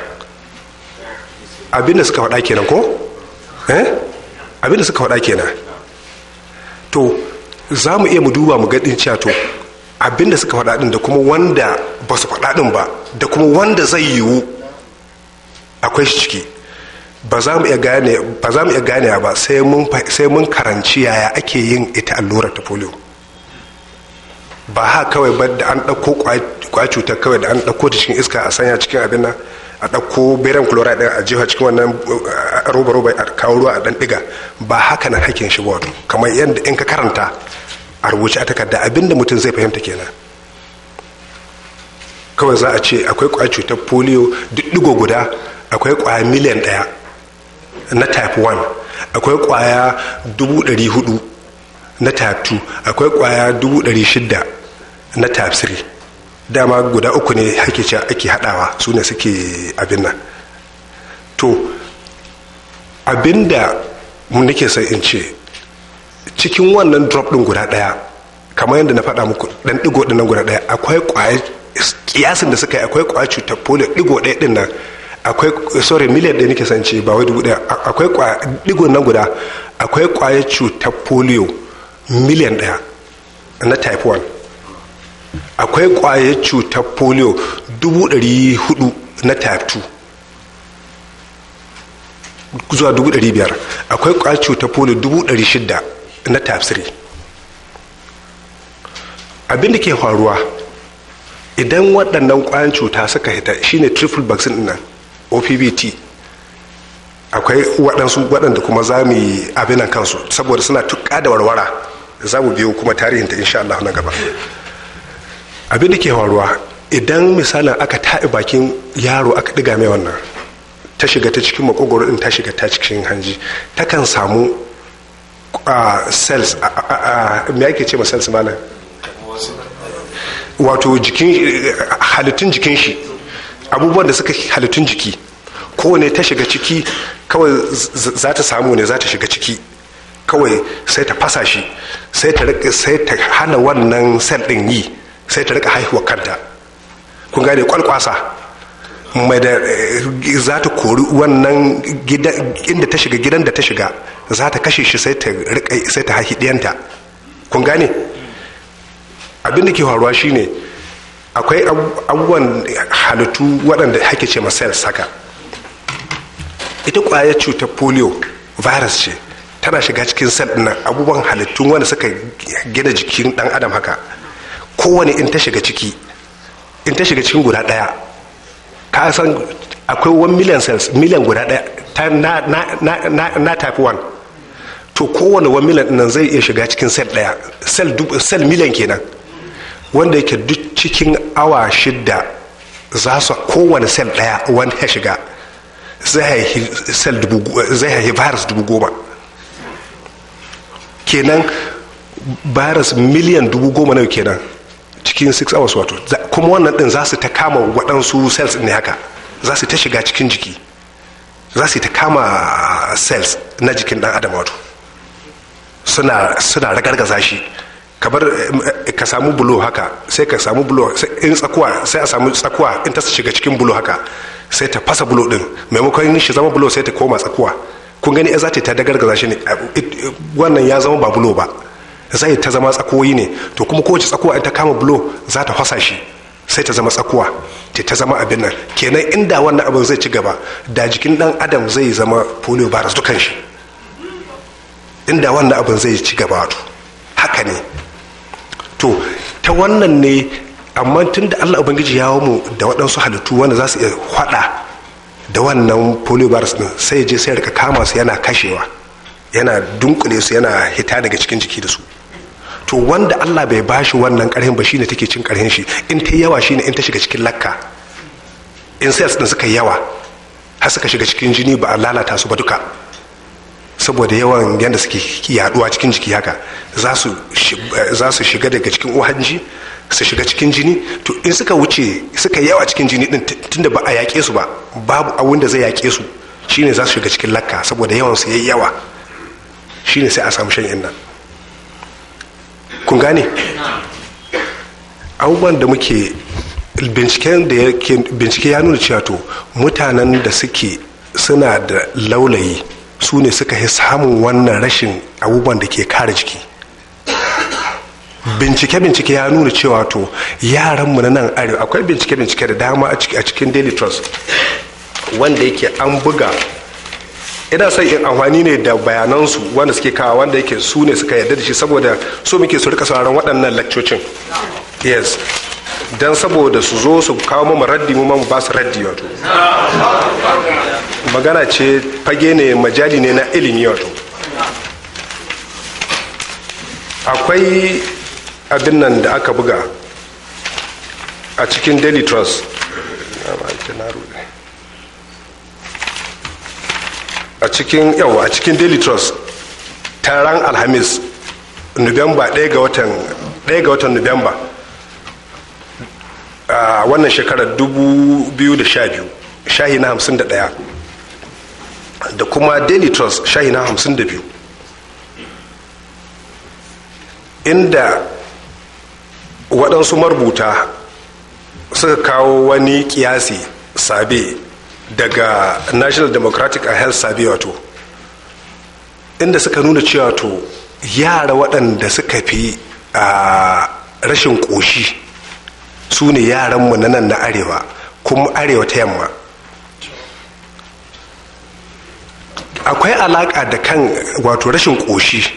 abinda suka faɗa kenan ko eh abinda suka faɗa kenan to za mu iya mu duba mu gaɗin cewa to abinda suka faɗa din da kuma wanda ba su faɗa din ba da kuma wanda zai yiwu akwai shi ciki ba za mu iya gane ba sai mun karanci yaya ake yin ita allurar ta polio ba ha kawai ba da an ɗauko kwa cutar kawai da an ɗauko ta cikin iska a sanya cikin abin nan a ɗauko beren kulora ɗin a jefa cikin wannan roba roba a kawo ruwa a ɗan ɗiga ba haka na hakin shi ba kamar yadda in ka karanta a rubuce a takarda abin da mutum zai fahimta kenan kawai za a ce akwai kwa cutar polio duk ɗigo guda akwai kwa miliyan ɗaya na type 1 akwai kwaya 400 na type 2 akwai kwaya 600 na type 3 dama guda uku ne hake ce ake hadawa su ne suke abin nan to abinda nake sai in ce cikin wannan drop din guda daya kamar yadda na faɗa muku dan digo din nan guda daya akwai kwaya kiyasin da suka yi akwai kwaya cutar polio digo daya din nan akwai sorry miliyan ɗaya nake sance ba wai dubu ɗaya akwai digon nan guda akwai kwayar cutar polio miliyan ɗaya na type 1 akwai kwayar cutar polio dubu ɗari hudu na type 2 zuwa dubu ɗari biyar akwai kwayar cutar polio dubu ɗari shida na type 3 abin da ke faruwa idan waɗannan kwayan cuta suka hita shine triple vaccine nan opbt akwai waɗansu waɗanda kuma za mu yi abinan kansu saboda suna tuƙa da warwara za mu biyo kuma tarihin ta insha Allah na gaba abin da ke faruwa idan misalin aka taɓi bakin yaro aka ɗiga mai wannan ta shiga ta cikin makogoro ɗin ta shiga ta cikin hanji takan samu cells me ake ce ma cells malam wato jikin halittun jikin shi abubuwan da suka halittun jiki kowane ta shiga ciki kawai za ta samu ne za ta shiga ciki kawai sai ta fasa shi sai ta hana wannan sel din yi sai ta rika haihuwa kanta kun gane kwalkwasa mai da eh, za ta kori wannan inda ta shiga gidan da ta shiga za ta kashe shi sai ta haihi diyanta kun gane abin ke faruwa shine ne akwai abubuwan halittu waɗanda hake ce masayar saka ita ƙwayar cutar polio virus ce tana shiga cikin sel ɗin abubuwan halittu wanda suka gina jikin ɗan adam haka kowane in ta shiga ciki in ta shiga cikin guda ɗaya ka san akwai wani million cells million guda ɗaya ta na na na na type 1 to kowane wani million ɗin zai iya shiga cikin sel ɗaya sel miliyan million kenan wanda yake duk cikin awa shida za su kowane sel daya wanda ya shiga zai haihi virus dubu goma kenan virus miliyan dubu goma nawa kenan cikin 6 hours wato kuma wannan din za su ta kama waɗansu cells ne haka za su ta shiga cikin jiki za su ta kama cells na jikin ɗan adam wato suna ragargaza shi kamar eh, ka samu bulo haka sai ka samu bulo in tsakuwa sai a samu tsakuwa in ta shiga cikin bulo haka sai ta fasa bulo din maimakon shi zama bulo sai ta koma tsakuwa kun gani za ta dagargaza shi ne eh, wannan ya zama ba bulo ba zai ta zama tsakuwoyi ne to kuma kowace tsakuwa in ta kama bulo za ta fasa shi sai ta zama tsakuwa ta ta zama abin nan kenan inda wannan abin zai ci gaba da jikin dan adam zai zama polio virus dukan shi inda wannan abin zai ci gaba to haka ne to ta wannan ne amma tun da allah ubangiji ya mu da waɗansu halittu wanda za su iya hada da wannan polio virus din sai je sai rika kama su yana kashewa yana dunkule su yana hita daga cikin jiki da su to wanda allah bai bashi wannan karhin ba shine take cin karhin shi in ta yawa shine in ta shiga cikin lakka in sai suka yawa har suka shiga cikin jini ba a lalata su ba duka saboda yawan yadda suke yaduwa cikin jiki haka za su shiga daga cikin uhanji su shiga cikin jini to in suka wuce suka yawa cikin jini din tunda ba a yaƙe su ba babu abin da zai yaƙe su shine za su shiga cikin lakka saboda yawan su yayi yawa shine sai a samu shan inna kun gane abubuwan da muke binciken da bincike ya nuna cewa to mutanen da suke suna da laulayi su ne suka yi samun wannan rashin abubuwan da ke kare jiki bincike-bincike ya nuna cewa to yaranmu na nan arewa akwai bincike-bincike da dama a cikin daily trust wanda yake an buga ina son in amfani ne da bayanansu wanda suke kawo wanda yake su ne suka yarda da shi saboda so muke su rika sauraron waɗannan lakcocin yes don saboda su zo su kawo mamu raddi mu mamu ba su raddi wato magana ce fage ne majali ne na ilimi wato akwai abin nan da aka buga a cikin daily trust a cikin yawa a cikin daily trust taron alhamis nuwamba 1 ga watan ga watan nuwamba a wannan shekarar 2012 shahi na 51 da kuma daily trust shahi na hamsin da biyu inda waɗansu marubuta suka kawo wani kiyasi sabe daga national democratic and health sabe wato inda suka nuna cewa to yara waɗanda suka fi a rashin ƙoshi su ne yaranmu na nan na arewa kuma arewa ta yamma akwai alaka da kan wato rashin ƙoshi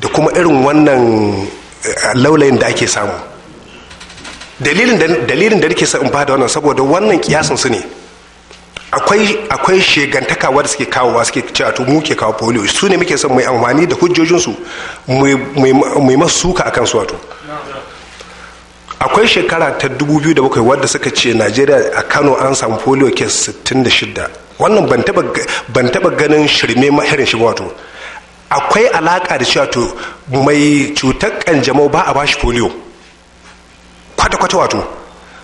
da kuma irin wannan eh, laulayin da ake samu dalilin da nake in ba da wannan saboda wannan kiyasin su ne akwai shegantakawa da suke kawowa suke cewa to mu ke kawo polio su ne muke son mai amfani da hujjojinsu mai masu suka akan su wato akwai shekara ta 2007 wadda suka ce najeriya a kano an samu polio ke 66 wannan ban taba ganin shirme mahirin shi wato akwai alaka da cewa to mai cutar kanjamau ba a bashi polio kwata-kwata wato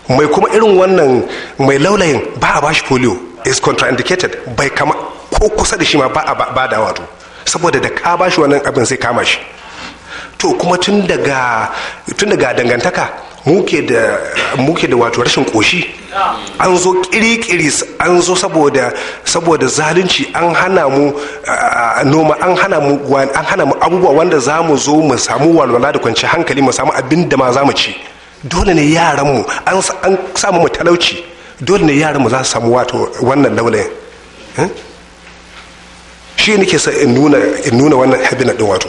mai kuma irin wannan mai laulayin ba a bashi polio is contraindicated bai kama ko kusa da shi ma ba a ba wato saboda da ka bashi wannan abin sai kama shi to kuma tun daga dangantaka muke da wato rashin koshi an zo kirikiri an zo saboda zalunci an hana mu noma an hana mu an hana mu abubuwa wanda za mu zo mu samu walwala da kwanci hankali mu samu abin da ma za mu ci dole ne yaran mu an samu mu talauci dole ne yaran mu za su samu wato wannan laulayin eh? shi nake sa in nuna wannan habinan din wato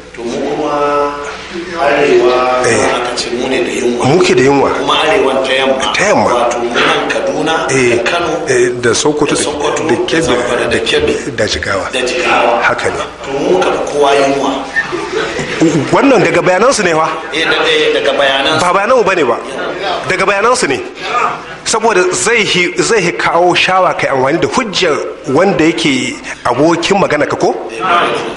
Eh. muke da yunwa kuma ta yamma ta yamma da eh. kano eh, da sokoto da jigawa da haka ne wannan daga bayanansu ne wa daga bayanansu ba ne ba daga bayanansu ne saboda zai kawo shawa kai amfani da hujjar wanda yake abokin magana ka ko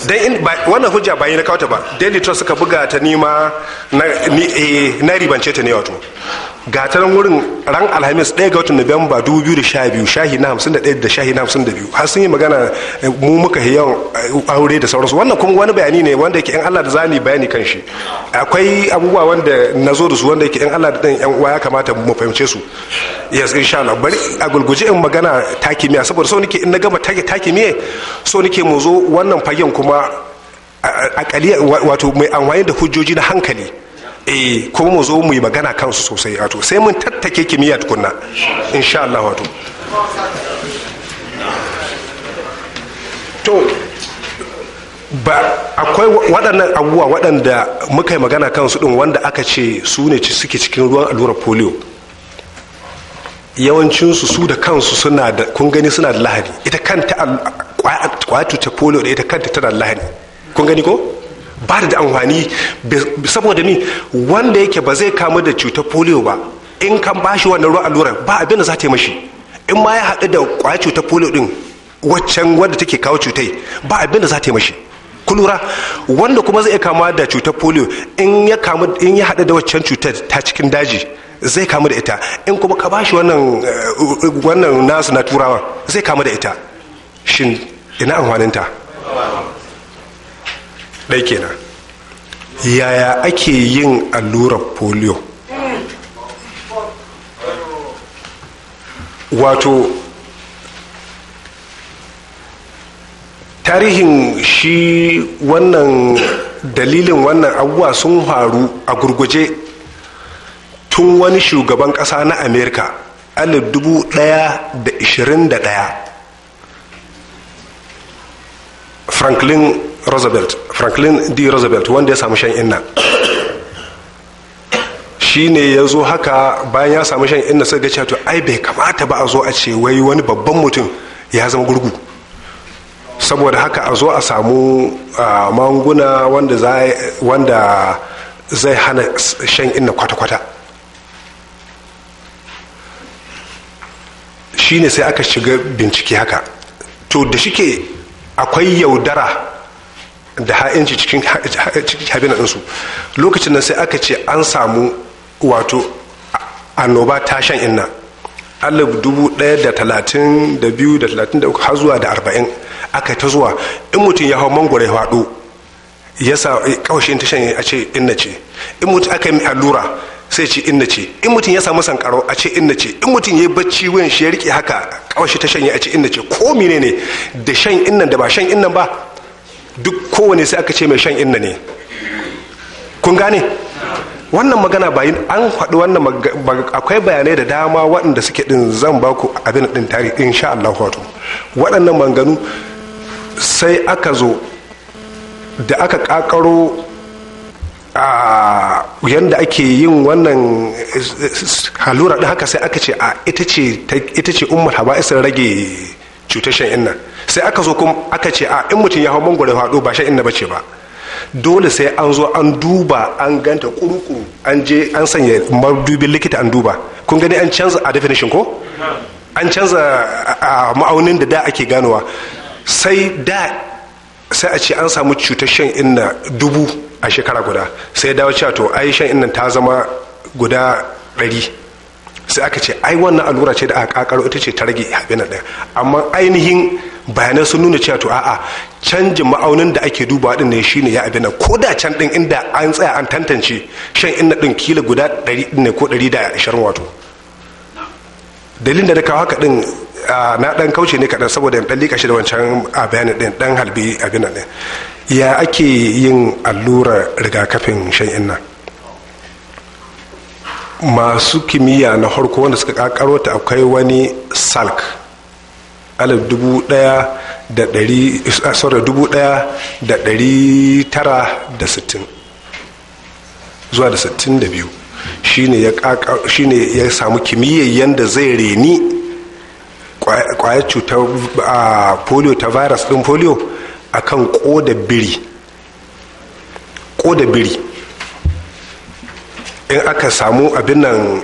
dan wannan hujja ba yi na kawo ta ba daily trust suka buga ta nima eh, na ribance ta ne wato ga wurin ran alhamis 1 ga watan nuwamba 2012 shahi na 51 da shahi na 52 har sun yi magana eh, mu muka yawan eh, aure da sauransu wannan kuma wani bayani ne wanda yake yan Allah da zani bayani kan shi akwai abubuwa wanda na zo da su wanda yake yan Allah da dan yan uwa ya kamata mu fahimce su yes insha Allah bari a gulguje in magana ta kimiyya saboda so nake in na gama ta kimiyya so nake mu zo wannan fagen kuma a kali wato mai amfani da hujjoji na hankali eh kuma mu zo mu yi magana kansu sosai wato sai mun tattake kimiyya tukunna insha Allah wato to ba akwai waɗannan abubuwa waɗanda muka yi magana kansu ɗin wanda aka ce su ne suke cikin ruwan allurar polio yawancinsu su da kansu suna da kun gani suna da lahani ita kanta kwatu ta polio da ita kanta tana da lahani kun gani ko ba da amfani saboda ni wanda yake ba zai kamu da cutar polio ba in kan bashi wannan ruwan allurar ba abin da za ta yi mashi in ma ya haɗu da kwaya cutar polio din waccan wanda take kawo cutai ba abin da za ta yi mashi Ku lura wanda kuma zai kama da cutar polio in ya kamu in ya haɗu da waccan cutar ta cikin daji zai kamu da ita in kuma ka bashi eh, wannan nasu na turawan zai kamu da ita shin ina amfaninta ɗai kenan yaya ake yin allurar polio wato tarihin shi wannan dalilin wannan abubuwa sun faru a gurguje tun wani shugaban ƙasa na amerika alif dubu ɗaya da ishirin da ɗaya franklin roosevelt franklin d roosevelt wanda ya samu shan inna shi ne ya zo haka bayan ya samu shan inna sai ga to ai bai kamata ba a zo a ce wai wani babban mutum ya zama gurgu saboda haka a zo a samu manguna wanda zai hana shan inna kwata-kwata shine sai aka shiga bincike haka to da shike akwai yaudara da ha'inci cikin habinan ɗinsu lokacin nan sai aka ce an samu wato annoba ta shan inna alif dubu ɗaya da talatin da biyu da talatin da uku har zuwa da arba'in aka ta zuwa in mutum ya hau mangwara ya faɗo ya sa kawashin ta shanye a ce inna ce in mutum aka yi allura sai ce inna ce in mutum ya samu sankaro a ce inna ce in mutum ya bacci wayan shi ya rike haka kawashi ta shanye a ce inna ce ko mine ne da shan innan da ba shan innan ba duk kowane sai aka ce mai shan inna ne kun gane wannan magana bayin an faɗi wannan akwai bayanai da dama waɗanda suke ɗin zan ba ku abin ɗin tare sha Allah wato waɗannan manganu sai aka zo da aka ƙaƙaro a yadda ake yin wannan halura da haka sai aka ce a ita ce Haba haba'isar rage cutar shan inna sai aka zo kuma aka ce a in mutum ya hau mangwada ya haɗo ba shan inna bace ba dole sai an zo an duba an ganta kurukuru an je an sanya madubin likita an duba kun gani an canza a definition ko an canza a ma'aunin da da ake ganowa sai da sai a ce an samu cutar shan inna dubu a shekara guda sai dawo cewa to ai shan inna ta zama guda ɗari sai aka ce ai wannan allura ce da aka kakaro ita ce ta rage na ɗaya amma ainihin bayanai sun nuna cewa to a'a canjin ma'aunin da ake dubawa din ne shine ya abina ko da can din inda an tsaya an tantance shan inna din kila guda ɗari ne ko ɗari da ashirin wato dalilin da na kawo haka din na dan kauce ne kaɗan saboda in dan shi da wancan bayani din dan halbi abin din ya ake yin allura rigakafin shan inna masu kimiyya na harko wanda suka kakaro ta akwai wani salk alif dubu daya da dari sorry dubu daya da dari tara da sittin zuwa da sittin da biyu Shi ne ya samu kimiyyar yadda zai reni kwayar cutar polio ta virus din polio akan kan koda biri in aka samu abin nan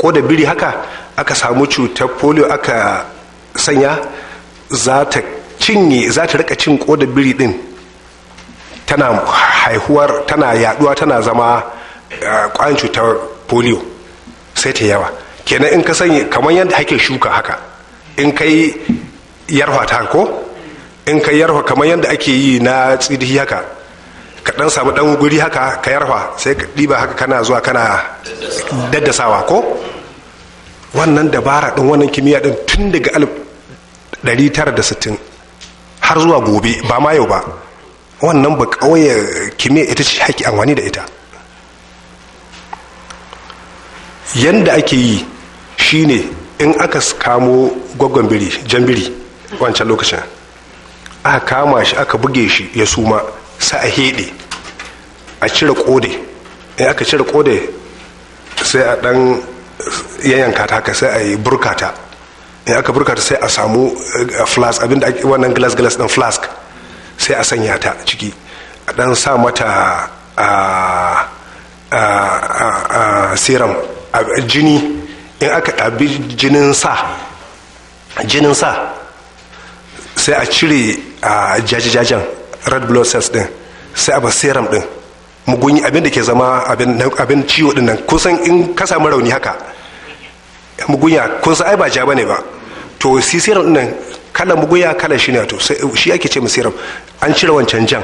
koda biri haka aka samu cutar polio aka sanya za ta cinye za ta rika cin koda biri din tana haihuwar tana yaduwa tana zama Ah, kwayan cutar polio sai ta yawa kenan in ka sanya kamar yadda hake shuka haka in ka yi yarwa ta ko in ka yarwa kamar yadda ake yi na tsidihi haka ka dan samu dan guri haka ka yarwa sai ka diba haka kana zuwa kana daddasawa ko wannan dabara din wannan kimiyya din tun daga alif har zuwa gobe ba ma yau ba wannan ba kauye kimiyya ita ce haƙi amfani da ita yanda ake yi shine in aka kamo gwaggon biri jan biri wancan lokacin aka kama shi aka buge shi ya suma sai a hede a cire kode in aka cire ƙode sai a dan yayyanka ta haka sai a yi burkata in aka burkata sai a samu eh, flask abinda wannan glass glass din flask sai a sanya ta ciki a dan sa mata a ah, ah, ah, serum jini in aka ɗabi jinin sa jinin sa sai a cire a jajajajen red blood cells din sai a ba serum din mugunyi abin da ke zama abin ciwo din nan kusan in ka samu rauni haka mugunya kun san ai ba ja bane ba to si serum din kala mugunya kala shi ne to shi ake ce mu serum an cire wancan jan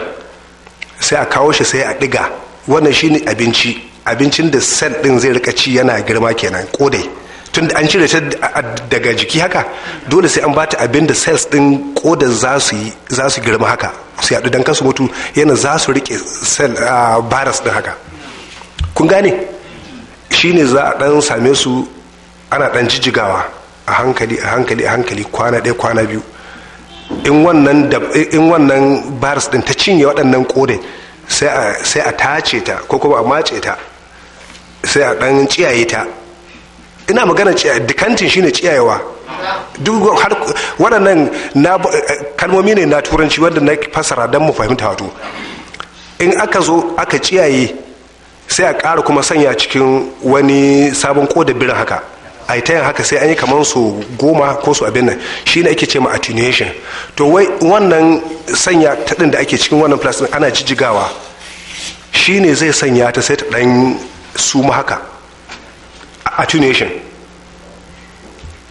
sai a kawo shi sai a diga wannan shi ne abinci abincin da sel ɗin zai rika ci yana girma kenan kodai tun da an cire ta daga jiki haka dole sai an bata abin da cells din koda za su za su girma haka su yaɗu dan kansu mutu yana za su rike cell ah, virus din haka kun gane shine za a dan same su ana dan jijigawa a hankali a hankali a hankali kwana ɗaya kwana biyu in wannan in wannan din ta cinye waɗannan kodai sai a tace ta ko kuma a mace ta sai a ɗan ciyaye ta ina magana dukantin shine ciyayewa duk har waɗannan kalmomi ne na turanci wanda na fasara don mu fahimta wato in aka zo aka ciyaye sai a ƙara kuma sanya cikin wani sabon koda birin haka a yi tayan haka sai an yi kamar su goma ko su abin nan shi ne ake ce ma attenuation to wai wannan sanya taɗin da ake cikin wannan plastic ana jijigawa shi ne zai sanya ta sai ta ɗan su ma haka tunation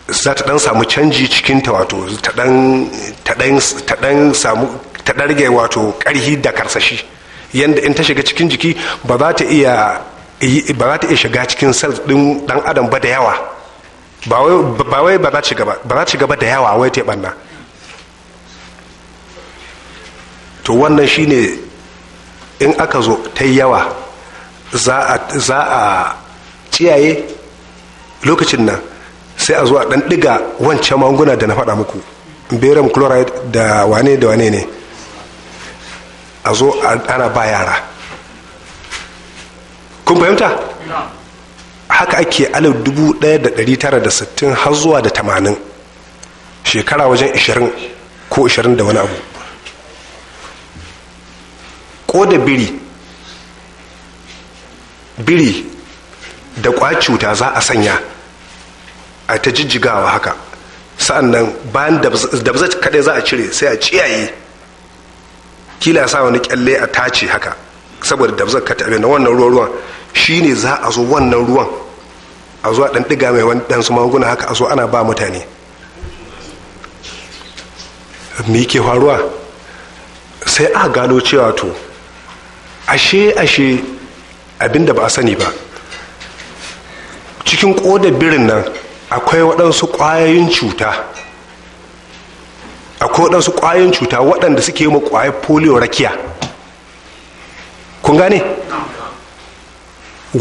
za ta dan samu canji cikinta wato ta dan samu ta dan rage wato karhi da karsashi yadda in ta shiga cikin jiki ba za ta iya ba za ta iya shiga cikin sel din dan adam ba da yawa ba wai ba za ta shiga ba za ci gaba da yawa wai ta banna to wannan shine in aka zo ta yawa za a ciyaye lokacin nan sai a zuwa ɗan ɗiga wancan magunguna da na faɗa muku barium chloride da wane da wane ne a zo ana ba yara kun fahimta haka ake alif dubu ɗaya da ɗari tara da sittin har zuwa da tamanin shekara wajen ishirin ko ishirin da wani abu ko da biri biri da kwacuta za a sanya a ta jijjigawa haka nan bayan da kadai za a cire sai a ciyaye kila sa wani kyalle a tace haka saboda dabzar ka tabe na wannan ruwan ruwan shi ne za a zo wannan ruwan a zo a dan diga mai wani dan su haka a zo ana ba mutane me ke faruwa sai a gano cewa to ashe ashe abinda ba a sani ba cikin kodar birin nan akwai waɗansu ƙwayoyin cuta akwai waɗansu ƙwayoyin cuta waɗanda suke yi ma ƙwayar polio rakiya kun gane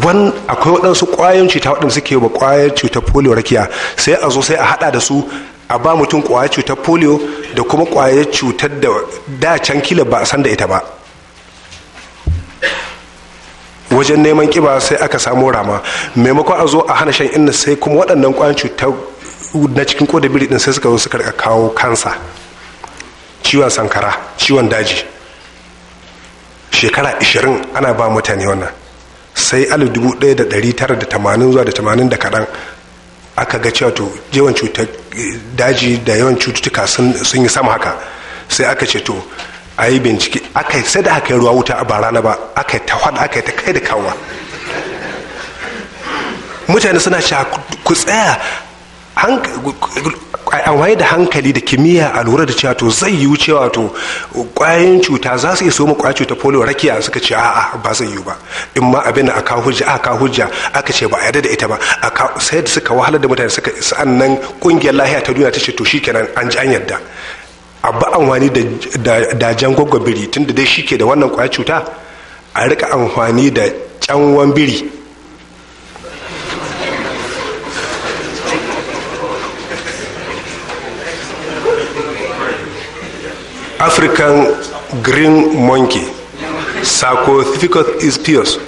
wan akwai waɗansu ƙwayoyin cuta waɗanda suke yi ma ƙwayar cutar polio rakiya sai a zo sai a haɗa da su a ba mutum ƙwayar cutar polio da kuma ƙwayar cutar da da can kila ba a san da ita ba wajen neman kiba sai aka samu rama maimakon a zo a hana shan inna sai kuma waɗannan ƙwayan cutar na cikin biri din sai suka zo suka kawo kansa ciwon sankara ciwon daji shekara 20 ana ba mutane wannan sai tamanin zuwa da tamanin da kaɗan aka ga cewa to yawan cutar daji da yawan cututtuka sun yi sama haka sai aka ce to a yi bincike aka yi sai da aka yi ruwa wuta a bara na ba aka yi aka yi ta kai da kawa mutane suna sha ku tsaya waye da hankali da kimiyya a lura da cewa to zai yiwu cewa to kwayoyin cuta za su iya so mu kwayar cuta polio rakiya suka ce a'a ba zai yiwu ba in ma abin aka hujja aka hujja aka ce ba a yarda da ita ba sai da suka wahalar da mutane suka nan kungiyar lahiya ta duniya ta ce to shi shikenan an ji an yarda a ba amfani da jan biri tun da dai shi ke da wannan kwaya cuta a rika amfani da canwan biri african green monkey sarcopithecus ispios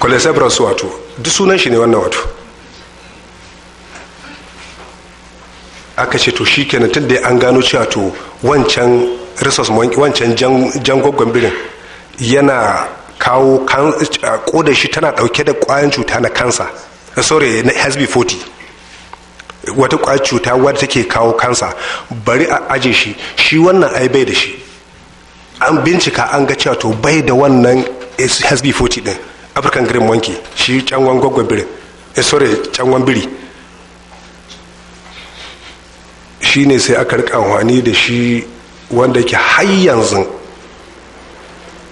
colesebras wato duk sunan shi ne wannan wato aka ce to shikenan tun da an gano cewa to wancan resource wancan jan gwaggon birin yana kawo koda shi tana dauke da kwayan cuta na kansa eh, sorry na hsb 40 wata kwayan cuta wadda take kawo kansa bari a aje shi shi wannan ai bai da shi an bincika an ga cewa to bai da wannan hsb 40 din african green monkey shi canwan gwaggon birin eh, sorry canwan biri shine sai aka rika amfani da shi wanda ke har yanzu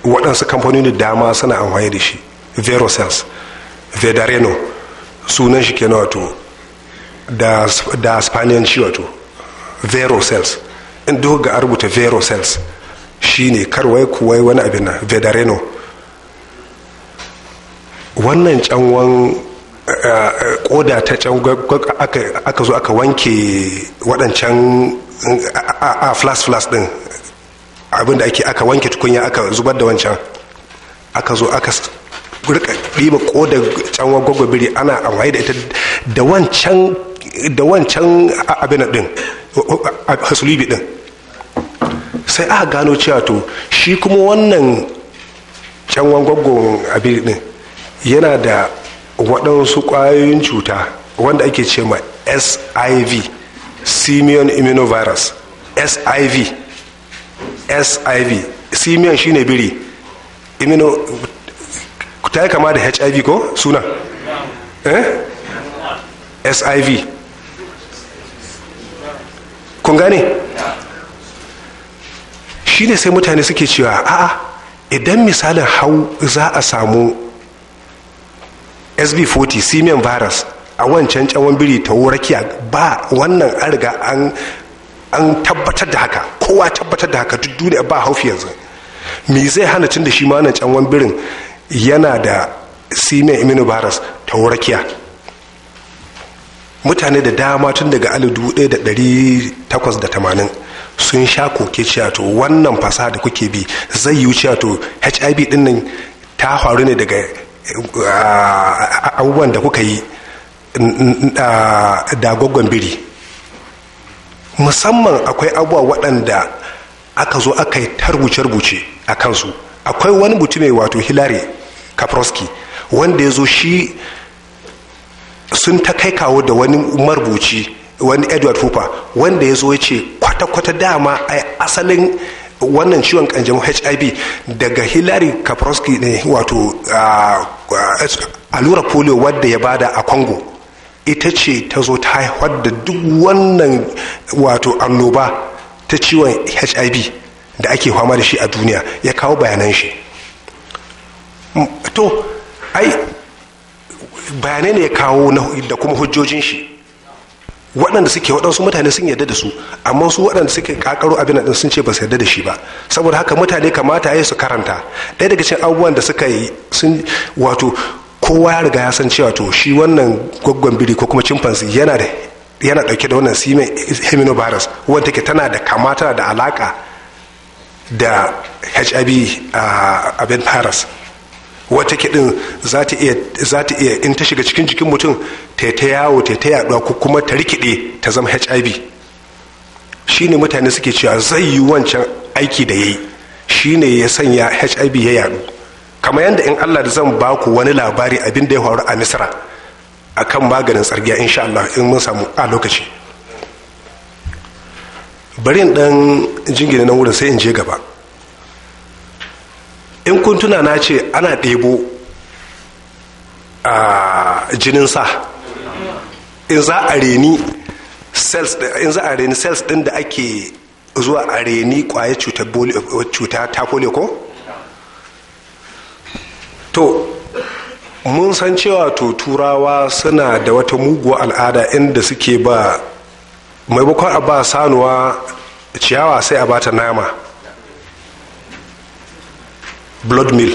waɗansu kamfanoni dama suna amfani da shi verocels vedareno sunan shi kenan wato da, da spaniyanci wato verocels in duk ga rubuta verocels shine karwai kuwai wani abin na vedareno wannan canwan koda ta can aka zo aka wanke waɗancan a flas flas din abinda ake aka wanke tukunya aka zubar da wancan aka zo aka rika ɗiba koda canwa gwagwabiri ana amfani da ita da wancan da wancan abin din hasulibi din sai aka gano cewa to shi kuma wannan canwan gwaggon abin din yana da waɗansu ƙwayoyin cuta wanda ake ce ma siv simian immunovirus siv siv simian shine biri immuno ta yi kama da hiv ko suna eh siv kun gane shine sai mutane suke cewa a'a idan misalin hau za a samu sb40 simian virus a wancan tsawon biri ta wurakiya ba wannan an an tabbatar da haka kowa tabbatar da haka duk duniya ba haufi yanzu me zai hana tun da shi ma wannan tsawon birin yana da simian immunovirus ta wurakiya mutane da dama tun daga 1880 sun sha koke cewa to wannan fasaha da kuke bi zai yi cewa to hiv din nan ta faru ne daga Eh, abubuwan da kuka yi da gwaggon biri musamman akwai abubuwa waɗanda aka zo aka yi tarbuce-rubuce a kansu akwai wani mutum mai wato hillary kaprowski wanda ya zo shi sun ta kai kawo da wani marubuci wani edward hooper wanda ya zo ya ce kwata-kwata dama a asalin wannan ciwon kanjamau hiv daga hillary kaprowski ne wato allurar polio wadda ya bada a congo ita ce ta zo ta haifar da duk wannan wato annoba ta ciwon hiv da ake fama da shi a duniya ya kawo bayanan shi to ai bayanai ne ya kawo da kuma hujjojin shi waɗanda suke waɗansu mutane sun yarda da su amma su waɗanda suke kakaro abin din sun ce ba su yarda da shi ba saboda haka mutane kamata ya su karanta ɗaya daga cikin abubuwan da suka yi sun wato kowa ya riga ya san cewa to shi wannan gwaggon biri ko kuma chimpanzee yana da yana ɗauke da wannan simen heminovirus wanda ke tana da kama tana da alaka da hiv ah, abin virus wata kiɗin za ta iya in ta shiga cikin jikin mutum ta ta yawo ta ta yaɗuwa ko kuma ta rikide ta zama hiv shine mutane suke cewa zai yi wancan aiki da ya yi ne ya sanya hiv ya yaɗu kamar yadda in allah da zan ba ku wani labari abin da ya faru a misra kan maganin tsargiya insha allah in mun samu a lokaci bari in ɗan jingina na wurin sai in je gaba in kun tuna na ce ana ɗebo a ah, jinin sa in za a reni cells ɗin da ake zuwa a reni kwaye cuta ta polio ko to mun san cewa to turawa suna da wata muguwa al'ada inda suke ba maimakon a ba sanuwa ciyawa sai a bata nama blood meal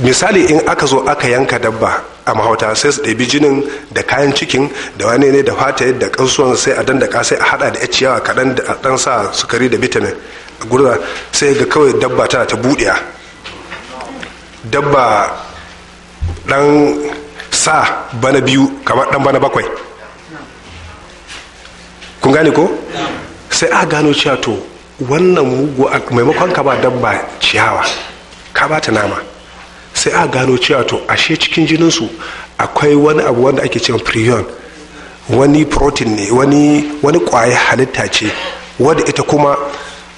misali in aka zo aka yanka dabba a mahauta sai su ɗabi jinin da kayan cikin da wane ne da fata da kansuwan sai a da sai a hada da ya ciyawa kaɗan da ɗan sa sukari da bitamin a gurza sai ga kawai dabba tana ta buɗiya dabba ɗan sa bana biyu kamar ɗan bana bakwai kun gane ko sai a gano cewa to wannan mugu maimakon ka dabba ciyawa ka ba ta nama sai a gano cewa to ashe cikin jininsu akwai wani abu wanda ake cewa prion wani protein ne wani wani kwaye halitta ce wadda ita kuma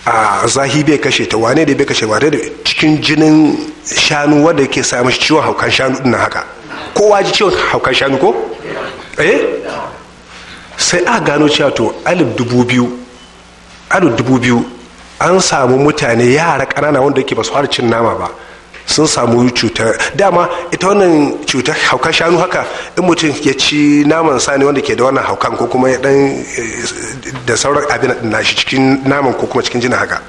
a zahi bai kashe ta wane da bai kashe ba da cikin jinin shanu wadda ke sa mashi ciwon haukan shanu din haka kowa ji ciwon haukan shanu ko eh sai a gano cewa to alif dubu biyu alif dubu biyu an samu mutane yara ƙanana wanda yake ba su fara cin nama ba sun samu cutar dama ita wannan cutar haukan shanu haka in mutum ya ci naman sani wanda ke da wannan haukan ko kuma ya dan eh, da sauran abin na shi cikin naman ko kuma cikin jinin haka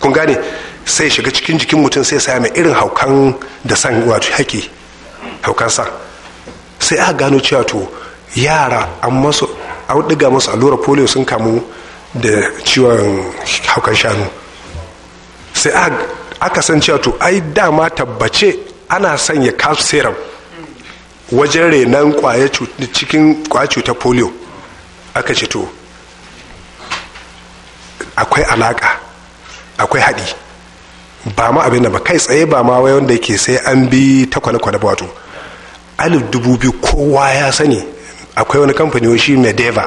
kun gane sai shiga cikin jikin mutum sai sa mai irin haukan da san wato haƙi haukan sa sai aka gano cewa to yara an masu an diga masu allurar polio sun kamu da ciwon haukan shanu sai aka san cewa to ai dama tabbace ana sanya calf serum wajen renon kwaya cikin kwaya cutar polio aka ce to akwai alaka akwai haɗi ba ma abin da ba kai tsaye ba ma wai wanda ke sai an bi ta kwane-kwane ba wato alif dubu biyu kowa ya sani akwai wani kamfani shi medeva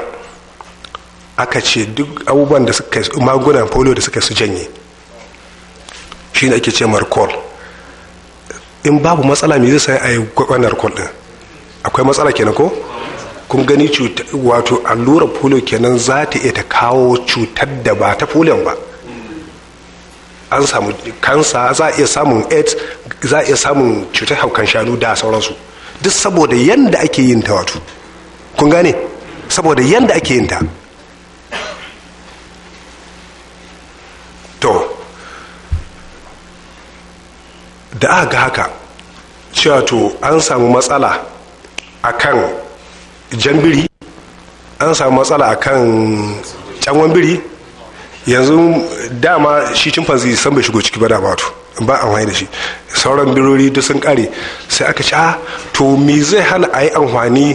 aka ce duk abubuwan da suka magunan polio da suka su janye shi ne ake ce marcol in babu matsala me zai sai a yi wannan call din akwai matsala kenan ko kun gani cuta wato allura polio kenan za ta iya ta kawo cutar da ba ta polio ba an samu kansa za a iya samun aids za a iya samun cutar haukan shanu da sauransu duk saboda yanda ake yin ta wato kun gane saboda yanda ake yin ta da aka ga haka cewa to an samu matsala a kan biri an samu matsala a kan canwan biri yanzu dama shi cimfanzi san bai shigo ciki ba dama to ba amfani da shi sauran birori duk sun kare sai aka ci a ah, to me zai hana a yi amfani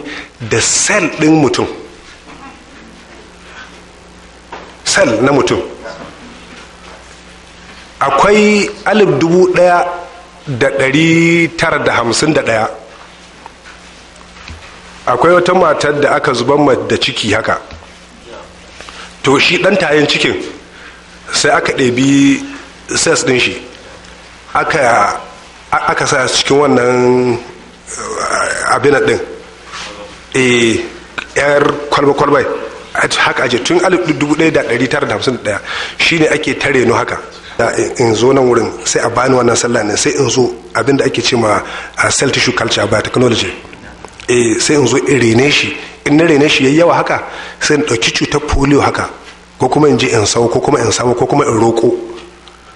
da sel ɗin mutum sel na mutum akwai alif dubu ɗaya da ɗari tara da hamsin da ɗaya akwai wata matar da aka zuban da ciki haka to shi ɗan tayin cikin sai aka ɗabi ses ɗin shi aka sa cikin wannan eh, abinan ɗin e eh, yar kwalba-kwalbai haka aje tun 1951 shine ake tare no haka in zo nan wurin sai a bani wannan sallah ne sai in zo da ake ce ma cell tissue culture ba technology eh sai in zo in rene shi in na rene shi yawa haka sai in ɗauki cutar polio haka ko kuma in je in sau ko kuma in samu ko kuma in roko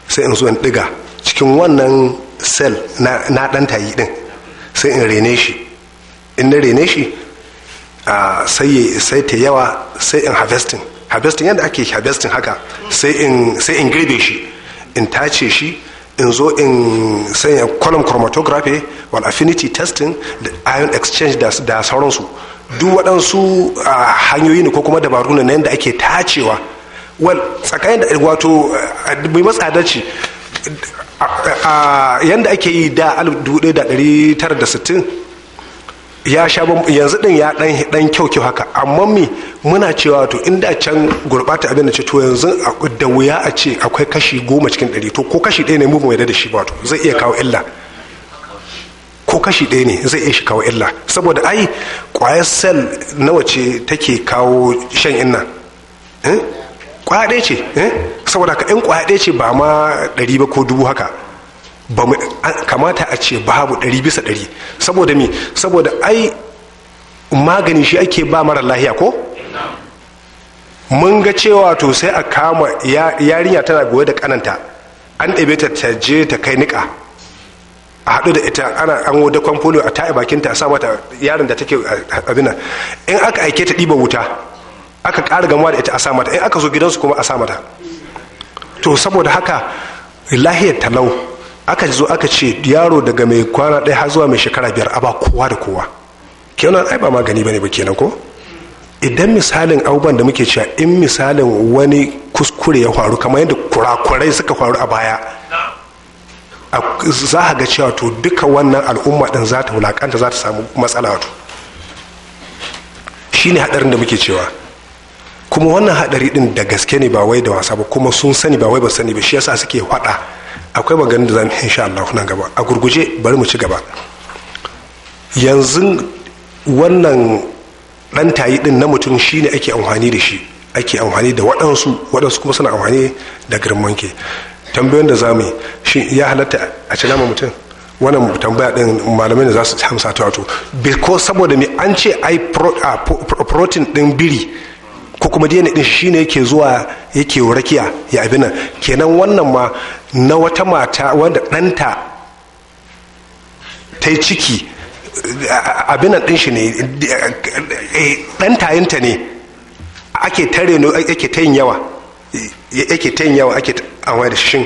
sai in zo in ɗiga cikin wannan cell na ɗan tayi ɗin sai in rene shi in na rene shi sai ta yawa sai in harvesting harvesting yadda ake harvesting haka sai in girbe shi in tace shi in zo in sanya column chromatography wal affinity testing da ion exchange da sauransu duk waɗansu hanyoyi ne ko kuma dabaru na yadda ake tacewa wal tsakanin da wato bai matsadarci yadda ake yi da 1960 ya sha yanzu din ya dan dan kyau kyau haka amma mi muna cewa to inda can gurbata abin da ce to yanzu da wuya a ce akwai kashi goma cikin ɗari to ko kashi ɗaya ne mu mai da shi ba to zai iya kawo illa ko kashi ɗaya ne zai iya shi kawo illa saboda ai kwayar sel nawa ce take kawo shan inna kwaya eh? ɗaya ce eh? saboda ka in kwaya ɗaya ce ba ma ɗari ba ko dubu haka kamata a ce babu ɗari bisa ɗari saboda me saboda ai magani shi ake ba mara lahiya ko mun ga cewa to sai a kama yarinya tana goye da kananta an ɗebe ta ta je ta kai niƙa a haɗu da ita ana an da polio a ta'a bakinta a sa mata yaron da take abin in aka aike ta ɗiba wuta aka ƙara gamuwa da ita a sa mata in aka zo gidansu kuma a sa mata to saboda haka lahiyar talau aka zo aka ce yaro daga mai kwana ɗaya har zuwa mai shekara biyar a ba kowa da kowa kenan ai ba magani bane ba kenan ko idan misalin abubuwan da muke cewa in misalin wani kuskure ya faru kamar yadda kurakurai suka faru a baya za a ga cewa to duka wannan al'umma din za ta wulakanta za ta samu matsala wato shine hadarin da muke cewa kuma wannan hadari din da gaske ne ba wai da wasa ba kuma sun sani ba wai ba sani ba shi yasa suke faɗa akwai maganin da zamu insha Allah kuna gaba a gurguje bari mu ci gaba yanzu wannan dan tayi din na mutum shine ake amfani da shi ake amfani da waɗansu waɗansu kuma suna amfani da girman ke tambayoyin da zamu yi shi ya halatta a ci nama mutum wannan tambaya din malamai da za su hamsa ta wato ko saboda me an ce ai protein din biri ko kuma dna din ne yake zuwa yake rakiya ya abin nan kenan wannan ma na wata mata wanda ɗanta ta yi ciki abin nan din shi ne eh, ɗantayinta ne ake tare ne yake ta yin yawa yake ta yin yawa ake a da shin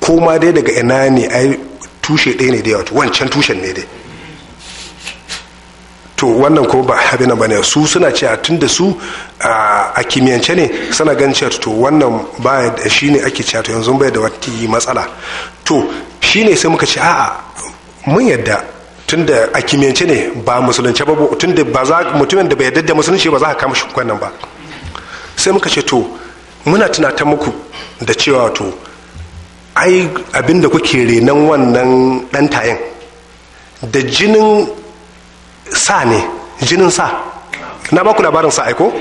ko ma dai daga ina ne ai tushe ɗaya ne da yawa wancan tushen ne dai to wannan ko ba abin ba ne su suna cewa tun da su a kimiyyance ne suna gan cewa to wannan baya da shi ne ake cewa to yanzu bai da wata matsala to shi ne sai muka ce a'a mun yadda tun da a kimiyyance ne ba musulunce ba tun da ba za mutumin da bai yadda da musulunci ba za ka kama shukwan nan ba sai muka ce to muna tunatan muku da cewa to ai abin da kuke renon wannan ɗantayen da jinin sa ne jinin sa na baku labarin sa aiko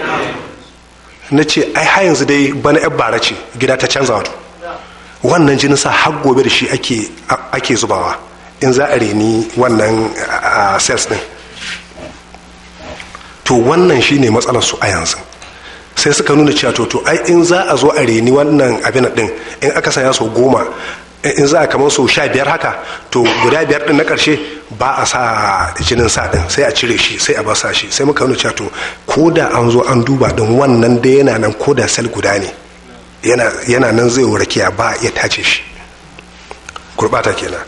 na ce ai ha yanzu dai bana yan bara ce gida ta canza wato wannan jinin sa har gobe da shi ake zubawa in za a reni wannan sales din to wannan shine matsalar su a yanzu sai suka nuna cewa to ai in za a zo a reni wannan abin din in aka saya sau goma in za a kamar so sha biyar haka to guda biyar din na karshe ba a sa jinin sa din sai a cire shi sai a basa shi sai muka nuna to ko da an zo an duba don wannan da yana nan ko da sel guda ne yana nan zai warkiya ba ya tace shi gurbata kenan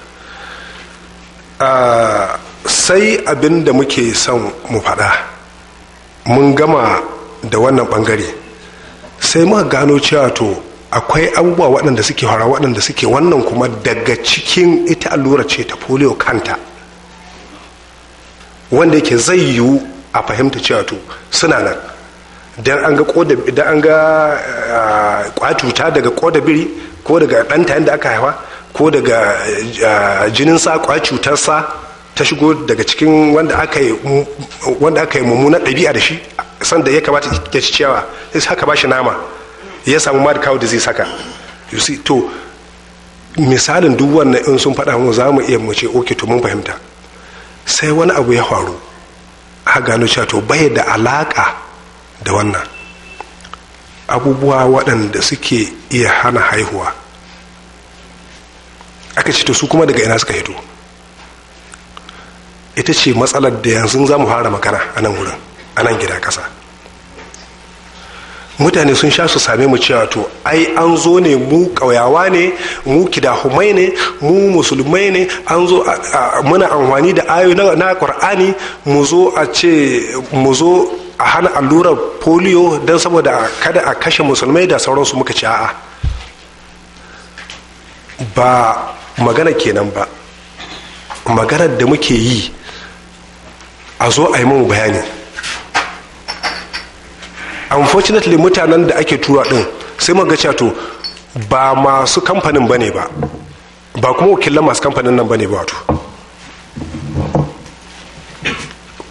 ah, sai abin da muke son mu faɗa mun gama da wannan bangare sai muka gano cewa to akwai abubuwa waɗanda suke hara waɗanda suke wannan kuma daga cikin ita allura ce ta polio kanta wanda yake zai yiwu a fahimta cewa to suna nan dan an ga koda eh, kwatuta daga koda biri ko daga ɗanta yadda aka haifa ko daga eh, jinin sa sa ta shigo daga cikin wanda aka yi wanda ɗabi'a da shi sanda ya kamata ya ci ciyawa sai haka ba shi nama ya samu mad cow disease haka you see to misalin duk wannan in sun faɗa mu za mu iya mu ce okay to mun fahimta sai wani abu ya faru a gano cewa to bai da alaka da wannan abubuwa waɗanda suke iya hana haihuwa aka ce to su kuma daga ina suka hito ita ce matsalar da yanzu za mu fara makara a nan wurin a nan gida ƙasa mutane sun sha su same mu cewa to ai an zo ne mu ƙauyawa ne mu kidahumai ne mu musulmai ne an zo muna amfani da ayo na ƙur'ani mu zo a ce mu zo a hana allurar polio don saboda kada a kashe musulmai da sauransu muka ci a'a ba magana kenan ba maganar da muke yi a zo a yi mu bayani unfortunately mutanen da ake tura din sai muga cato to ba masu kamfanin bane ba ba kuma wakilan masu kamfanin nan bane ba wato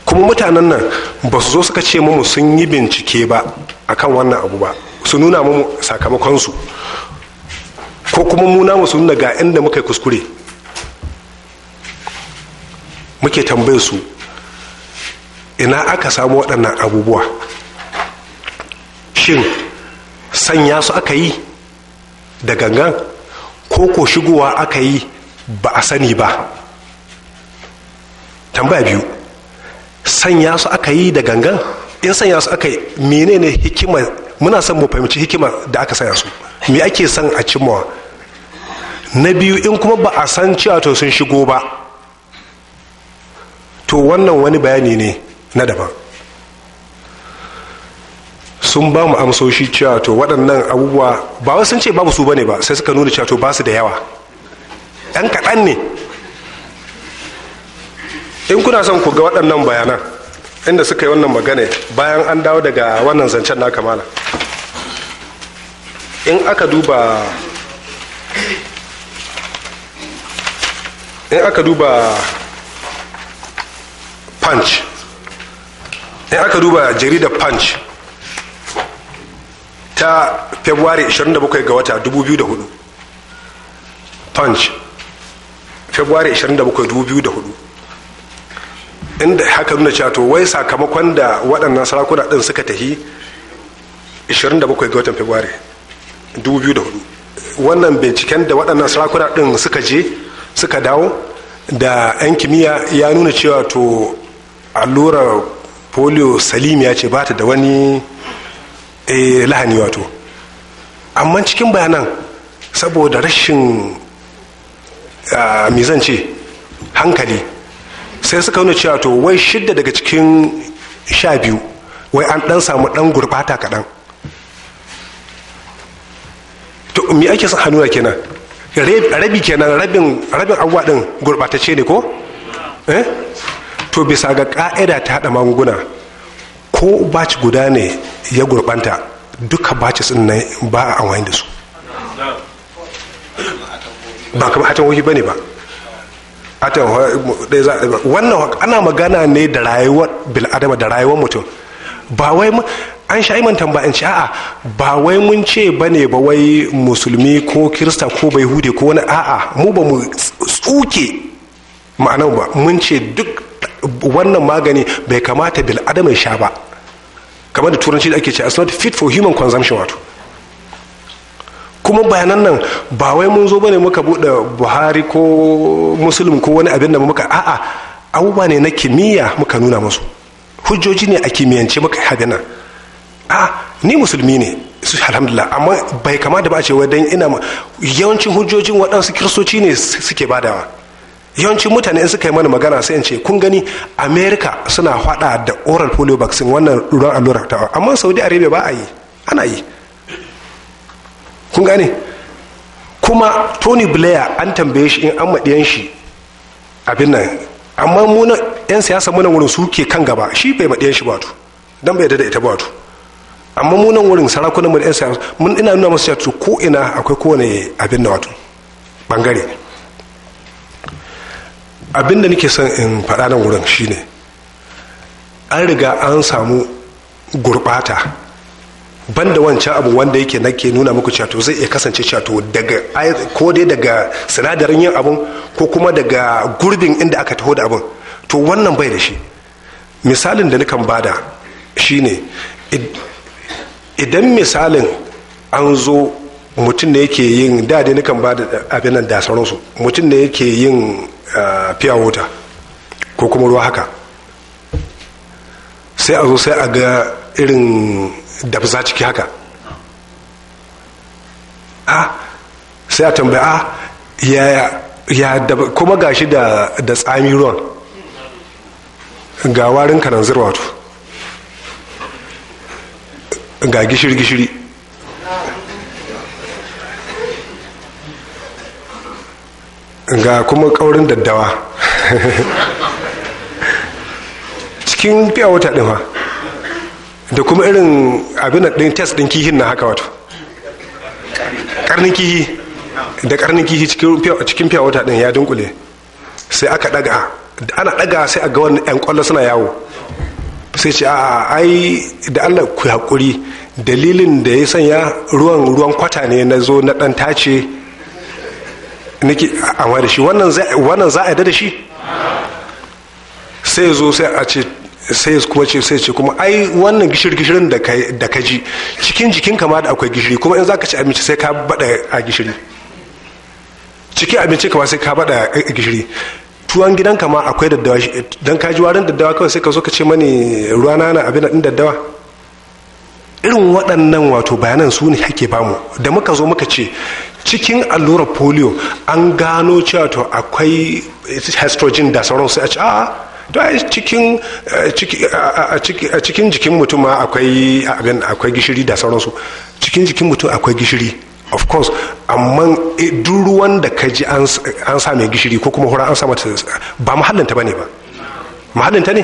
kuma mutanen nan ba su zo suka ce mu sun yi bincike ba akan wannan abu ba su nuna mu sakamakonsu ko kuma muna su nuna ga inda muka yi kuskure muke tambayar su ina aka samu waɗannan abubuwa shin sanya su aka yi da gangan ko ko shigowa aka yi ba a sani ba tambaya biyu sanya su aka yi da gangan in sanya su aka yi menene hikima muna son mu fahimci hikima da aka sanya su me ake son a cimawa na biyu in kuma ba a san cewa to sun shigo ba to wannan wani bayani ne na daban sun ba mu amsoshi cewa to waɗannan abubuwa ba wasu sun ce babu su bane ba sai suka nuna cewa to ba su da yawa ɗan kaɗan ne in kuna son ku ga waɗannan bayanan inda suka yi wannan magana bayan an dawo daga wannan zancen na kamala in aka duba in aka duba punch in aka duba jarida punch ta february 27 ga wata 2004 punch february 27 2004 inda haka nuna cewa to wai sakamakon da waɗannan sarakuna ɗin suka tahi 27 ga watan february 2004 wannan binciken da waɗannan sarakuna ɗin suka je suka dawo da 'yan kimiyya ya nuna cewa to allurar polio ya ce ba ta da wani Eh, lahani wato amma cikin bayanan saboda rashin mizance hankali sai suka nuna cewa to wai shidda daga cikin sha biyu wai an dan samu dan gurbata kaɗan to me ake son hannuwa kenan rabi kenan rabin rabin abuwa din gurbatacce ne ko eh? to bisa ga ka'ida ta hada magunguna ko baci guda ne ya gurbanta duka baci sun nan ba a amfani da su ba kamar hatan hohi ba ne ba wannan ana magana ne da rayuwar bil'adama da rayuwar mutum ba wai an sha iman tambayan ci a'a ba wai mun ce ba ne ba wai musulmi ko kirista ko bai hude ko wani a'a mu ba mu tsuke ma'anar ba mun ce duk wannan magani bai kamata bil'adama ya sha ba kamar da turanci da ake ce it's not fit for human consumption wato kuma bayanan nan ba wai mun zo bane muka bude buhari ko muslim ko wani abin da muka a'a abubuwa ne na kimiyya muka nuna musu hujjoji ne a kimiyyance muka haɗe nan a ni musulmi ne su alhamdulillah amma bai kama da ba a ce ina yawancin hujjojin waɗansu kiristoci ne suke badawa yawancin mutane in suka yi mana magana sai in ce kun gani america suna hada da oral polio vaccine wannan ruwan allura ta amma saudi arabia ba a yi ana yi kun gane kuma tony blair an tambaye shi in an maɗiyan shi abin nan amma muna yan siyasa muna wurin suke kan gaba shi bai maɗiyan shi batu don bai da ita batu amma muna wurin sarakunan mu da yan siyasa mun ina nuna masu cewa ko ina akwai kowane abin na wato bangare abin da nake son in faɗa nan wurin shine an riga an samu gurɓata banda wancan abu wanda yake nake nuna muku cato zai iya kasance cato daga ko dai daga sinadarin yin abun ko kuma daga gurbin inda aka taho da abun to wannan bai da shi misalin da nukan bada shine idan misalin an zo mutum da yake yin da dai nukan bada abin nan da sauransu mutum da yake yin Uh, piya wuta ko kuma ruwa haka sai a zo sai a ga irin dafsa ciki haka a sai a tambaya a ya ya kuma gashi da da tsami ruwan ga warin kanan zirwatu ga gishiri-gishiri ga kuma kaurin daddawa cikin fiya wata ɗin ha da kuma irin abin ɗin test ɗin kihin na haka wato karnin kihi da karnin kihi cikin fiya wata ɗin ya dunkule sai aka ɗaga ana ɗaga sai a ga wani 'yan ƙwallo suna yawo sai ce a ai da allah ku haƙuri dalilin da ya sanya ruwan ruwan kwata ne na zo na ɗan tace nake amma da shi wannan za a yadda da shi sai zo sai a ce sai kuma ce sai ce kuma ai wannan gishir gishirin da ka ji cikin jikin kama da akwai gishiri kuma in za ka ci abinci sai ka bada a gishiri cikin abinci kama sai ka bada a gishiri tuwon gidan kama akwai daddawa don ka ji warin daddawa kawai sai ka zo ka ce mani ruwana na abin din daddawa irin waɗannan wato bayanan su ne hake bamu da muka zo muka ce cikin allura polio an gano cewa to akwai estrogen da sauran su a to eh, a cikin a cikin jikin mutum ma akwai gishiri da sauransu cikin jikin mutum akwai gishiri of course amma eh, duk ruwan da ka ji an sa mai gishiri ko kuma hura an sa mata ba mahallinta bane ba mahallinta ne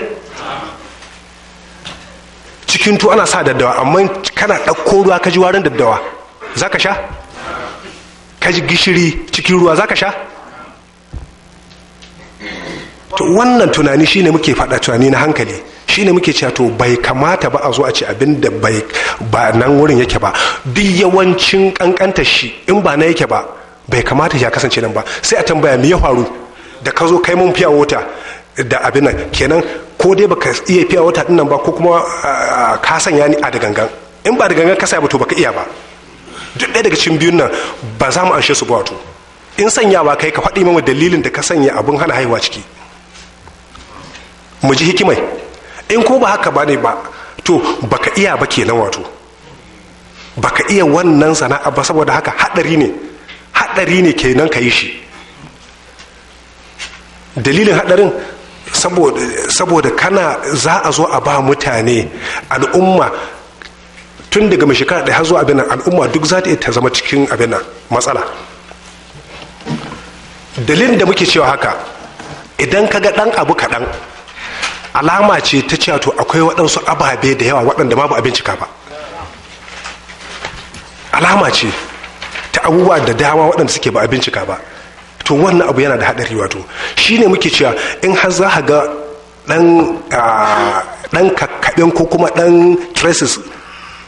cikin tu ana sa daddawa amma kana ɗauko ruwa ka ji warin daddawa za ka sha ka ji gishiri cikin ruwa za ka sha to wannan tunani shine muke faɗa tunani na hankali shine muke cewa to bai kamata ba a zo a ci abin da bai ba nan wurin yake ba duk yawancin kankanta shi in ba na yake ba bai kamata ya kasance nan ba sai a tambaya mu ya faru da ka zo kai mun fiya wuta da abin nan kenan ko dai baka iya fiya wuta din nan ba ko kuma ah, ka sanya ni a da gangan in ba da gangan ka ba to baka iya ba duk ɗaya daga cikin biyun nan ba za mu anshe su ba wato in sanyawa kai ka faɗi mana dalilin da ka sanya abin hana haihuwa ciki mu ji hikimai in ko ba haka ba ne ba to baka iya ba kenan wato baka iya wannan sana'a ba saboda haka haɗari ne haɗari ne kenan ka yi shi dalilin haɗarin saboda kana za a zo a ba mutane al'umma tun daga mai shekara ɗaya har zuwa abin al'umma duk za ta iya ta zama cikin abin matsala dalilin da muke cewa haka idan ka ga ɗan abu kaɗan alama ce ta cewa to akwai waɗansu ababe da yawa waɗanda babu abinci ka ba alama ce ta abubuwa da dama waɗanda suke ba a bincika ba to wannan abu yana da haɗari wato shine muke cewa in har za ga ah, ɗan kakkaɓen ko kuma ɗan traces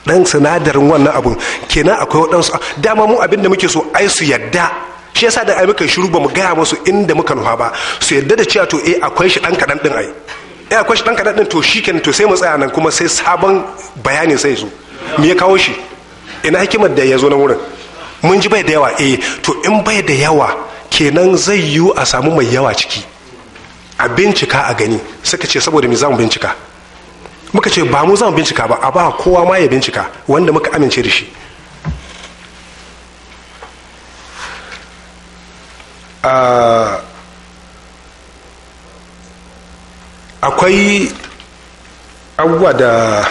dan sinadarin wannan abun kenan akwai waɗansu dama mu abin da muke so ai su yadda shi yasa da ai muka shiru ba mu gaya musu inda muka nufa ba su yadda da cewa to eh akwai shi dan kaɗan din ai eh akwai shi dan kaɗan din to shikenan to sai mu tsaya nan kuma sai sabon bayani sai zo me ya kawo shi ina hikimar da ya zo na wurin mun ji bai da yawa eh to in bai da yawa kenan zai yiwu a samu mai yawa ciki a bincika a gani suka ce saboda me zamu bincika muka ce ba mu za mu bincika ba a ba kowa ma ya bincika wanda muka amince da shi ah, akwai abubuwa da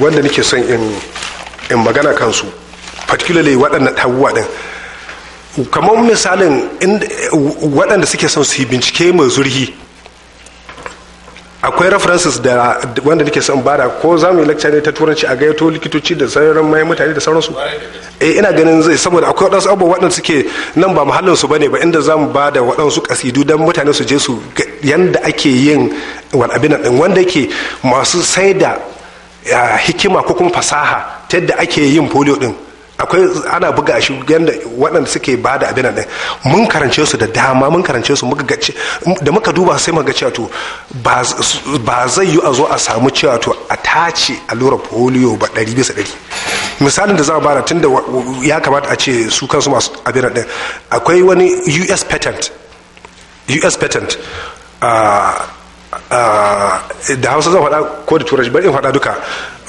wanda nake son in magana kansu particularly waɗannan abubuwa ɗin kamar misalin waɗanda suke son su yi bincike mai zurhi akwai references da wanda nake son bada ko za mu yi lecture ne ta turanci a gayyato likitoci da sauran mai mutane da sauransu eh ina ganin zai saboda akwai wadansu abubuwa waɗanda suke nan ba muhallin su bane ba inda za mu bada waɗansu kasidu don mutane su je su yanda ake yin wal abin din wanda yake masu sai da hikima ko kuma fasaha ta yadda ake yin polio din akwai ana buga shi yadda waɗanda suke ba da abin nan mun karance su da dama mun karance su muka gace da muka duba sai muka cewa to ba zai yi a zo a samu cewa to a tace allura polio ba ɗari bisa ɗari misalin da za a bada tunda ya kamata a ce su kansu masu abin nan akwai wani us patent us patent da hausa zan faɗa ko da turanci bari in faɗa duka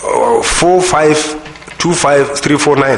45 25349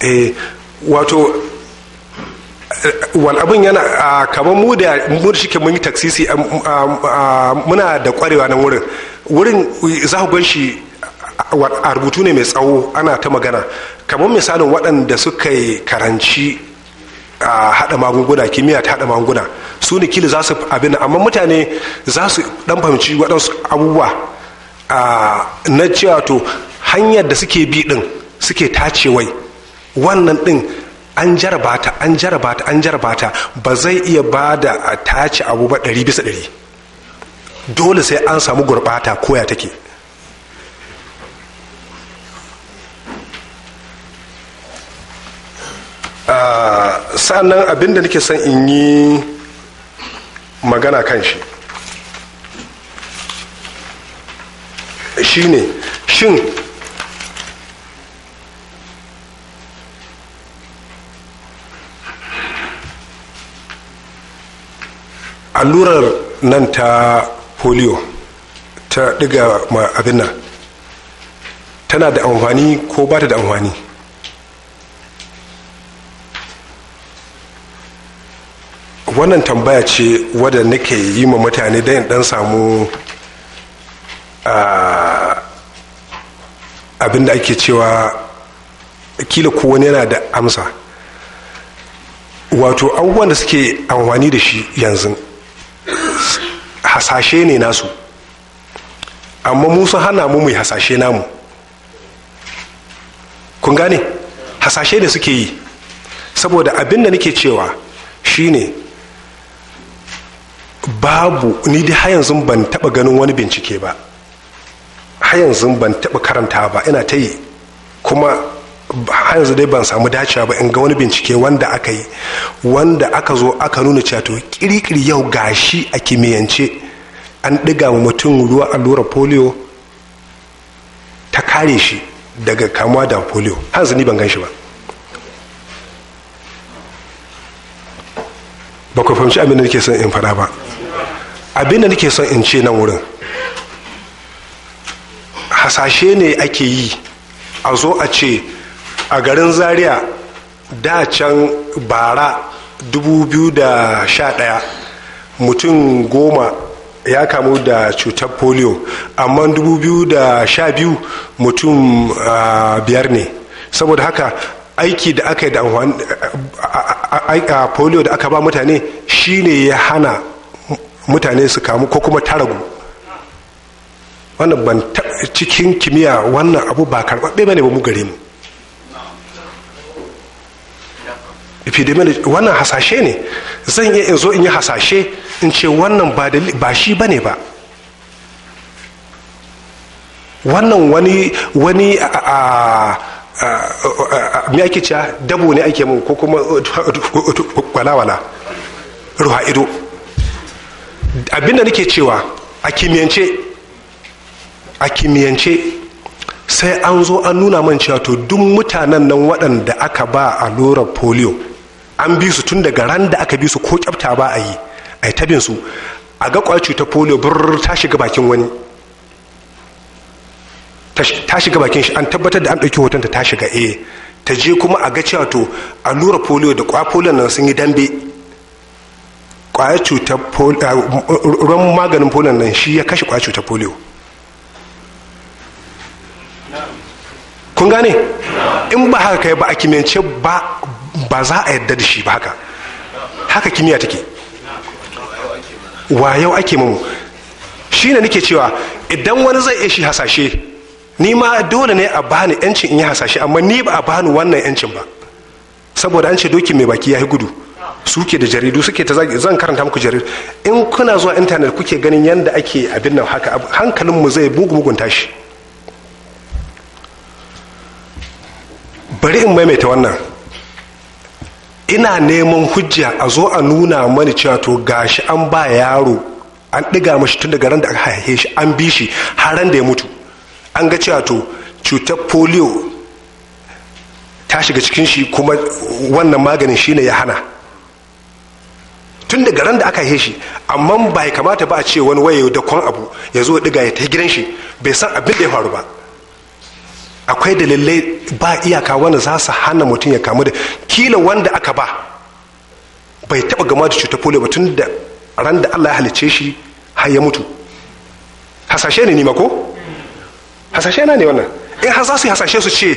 eh wato eh, wal abin yana kamar mu da shi shike mun yi taksisi muna da kwarewa nan wurin wurin za ku gan shi a rubutu ne mai tsawo ana ta magana kamar misalin waɗanda suka yi karanci a haɗa magunguna kimiyya ta haɗa magunguna su ne kili za su abin amma mutane za su ɗan fahimci waɗansu abubuwa na cewa to hanyar da suke bi ɗin suke tacewai wannan din an jaraba an jarabata ta an jaraba ba zai iya ba da a tace abu ba ɗari bisa ɗari dole sai an samu gurɓata koya take ah, sa'annan abinda nake son in yi magana kan shi shine shin allurar nan ta polio ta ɗiga ma abin nan tana da amfani ko ba ta da amfani wannan tambaya ce wadda nake yi ma mutane dayan dan samu abin da ake cewa kila ko wani yana da amsa wato abubuwan da suke amfani da shi yanzu hasashe ne nasu amma mu hana mu mai hasashe namu kun gane hasashe da suke yi saboda abin da nake cewa shine babu ni dai har yanzu ban taba ganin wani bincike ba har yanzu ban taba karanta ba ina ta yi kuma har yanzu dai ban samu dacewa ba in ga wani bincike wanda aka yi wanda aka zo aka nuna cewa to kirikiri yau gashi a kimiyyance an diga wa mutum ruwa allura polio ta kare shi daga kamuwa da polio har yanzu ni ban gan shi ba ba ku fahimci abin da nake son in fara ba abin da nake son in ce nan wurin hasashe ne ake yi a zo a ce a garin zaria da can bara 2011 mutum goma ya kamu da cutar polio amma 2012 mutum biyar ne saboda haka aiki da aka yi da polio da aka ba mutane shine ya hana mutane su kamu ko kuma taragu wannan ban cikin kimiyya wannan abu ba karɓaɓɓe ba ne ba mu gare mu epidemiology wannan hasashe ne zan iya in zo in yi hasashe in ce wannan ba shi ba ne ba wannan wani wani a me ake cewa dabo ne ake mun ko kuma walawala ruha ido abinda nake cewa a kimiyance a kimiyance sai an zo an nuna man cewa to duk mutanen nan waɗanda aka ba a lura polio an bi su tun daga ran da aka bi su ko kyabta ba a yi a yi tabin su a ga kwayar cutar polio burr ta shiga bakin wani ta shiga bakin shi an tabbatar da an ɗauki hoton ta shiga eh ta je kuma a ga cewa to allura polio da kwa polio nan sun yi dambe kwayar cutar ruwan maganin polio nan shi ya kashe kwayar cutar polio kun gane in ba haka kai ba a kimiyance ba ba za a yadda da shi ba haka haka kimiyya take yau ake mamu shi ne nake cewa idan wani zai iya shi hasashe ni ma dole ne a bani yancin in yi hasashe amma ni ba a bani wannan yancin ba saboda an ce doki mai baki ya yi gudu suke da jaridu suke ta zan karanta muku jaridu in kuna zuwa intanet kuke ganin yadda ake abin nan haka hankalinmu zai mugun tashi bari in maimaita wannan ina neman hujja a zo a nuna mani cewa to gashi an ba yaro an diga mashi tun daga ran da aka haife shi an bi shi har da ya mutu an ga cewa to cutar polio ta shiga cikin shi kuma wannan maganin shine ya hana tun daga ran da aka haife shi amma bai kamata ba a ce wani waye da kwan abu ya zo ya ɗiga ya ta gidan shi bai san abin da ya faru ba akwai dalilai ba iyaka wanda za su hana mutum ya kamu da kila wanda aka ba bai taba gama da cutar polio ba tun da ran da allah ya halicce shi har ya mutu hasashe ne nima ko hasashe na ne wannan in har za su yi hasashe su ce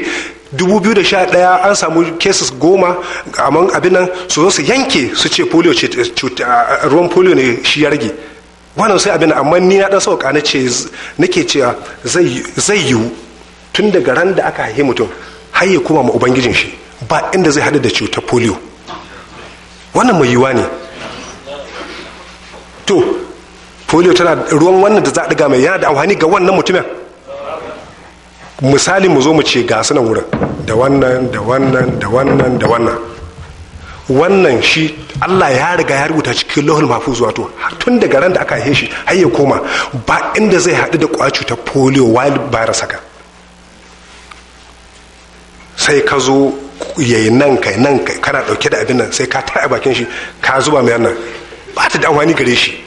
2011 an samu cases goma amman abin nan su zo su yanke su ce polio ruwan polio ne shi ya rage wannan sai abin amma ni na dan sauka na ce nake cewa zai yiwu tun daga ran da aka haihe mutum har ya koma ma ubangijin shi ba inda zai haɗu da cutar polio wannan mai yiwuwa ne to polio tana ruwan wannan da za a ɗiga mai yana da amfani ga wannan mutumin misali mu zo mu ce ga sunan wurin da wannan da wannan da wannan da wannan wannan shi Allah ya riga ya rubuta cikin lahul mahfuz wato tun daga ran da aka haihe shi har ya koma ba inda zai haɗu da kwa cutar polio wild virus haka sai ka zo yayi nan kai nan kai kana dauke da abin nan sai ka tara bakin shi ka zuba mai nan ba ta da gare shi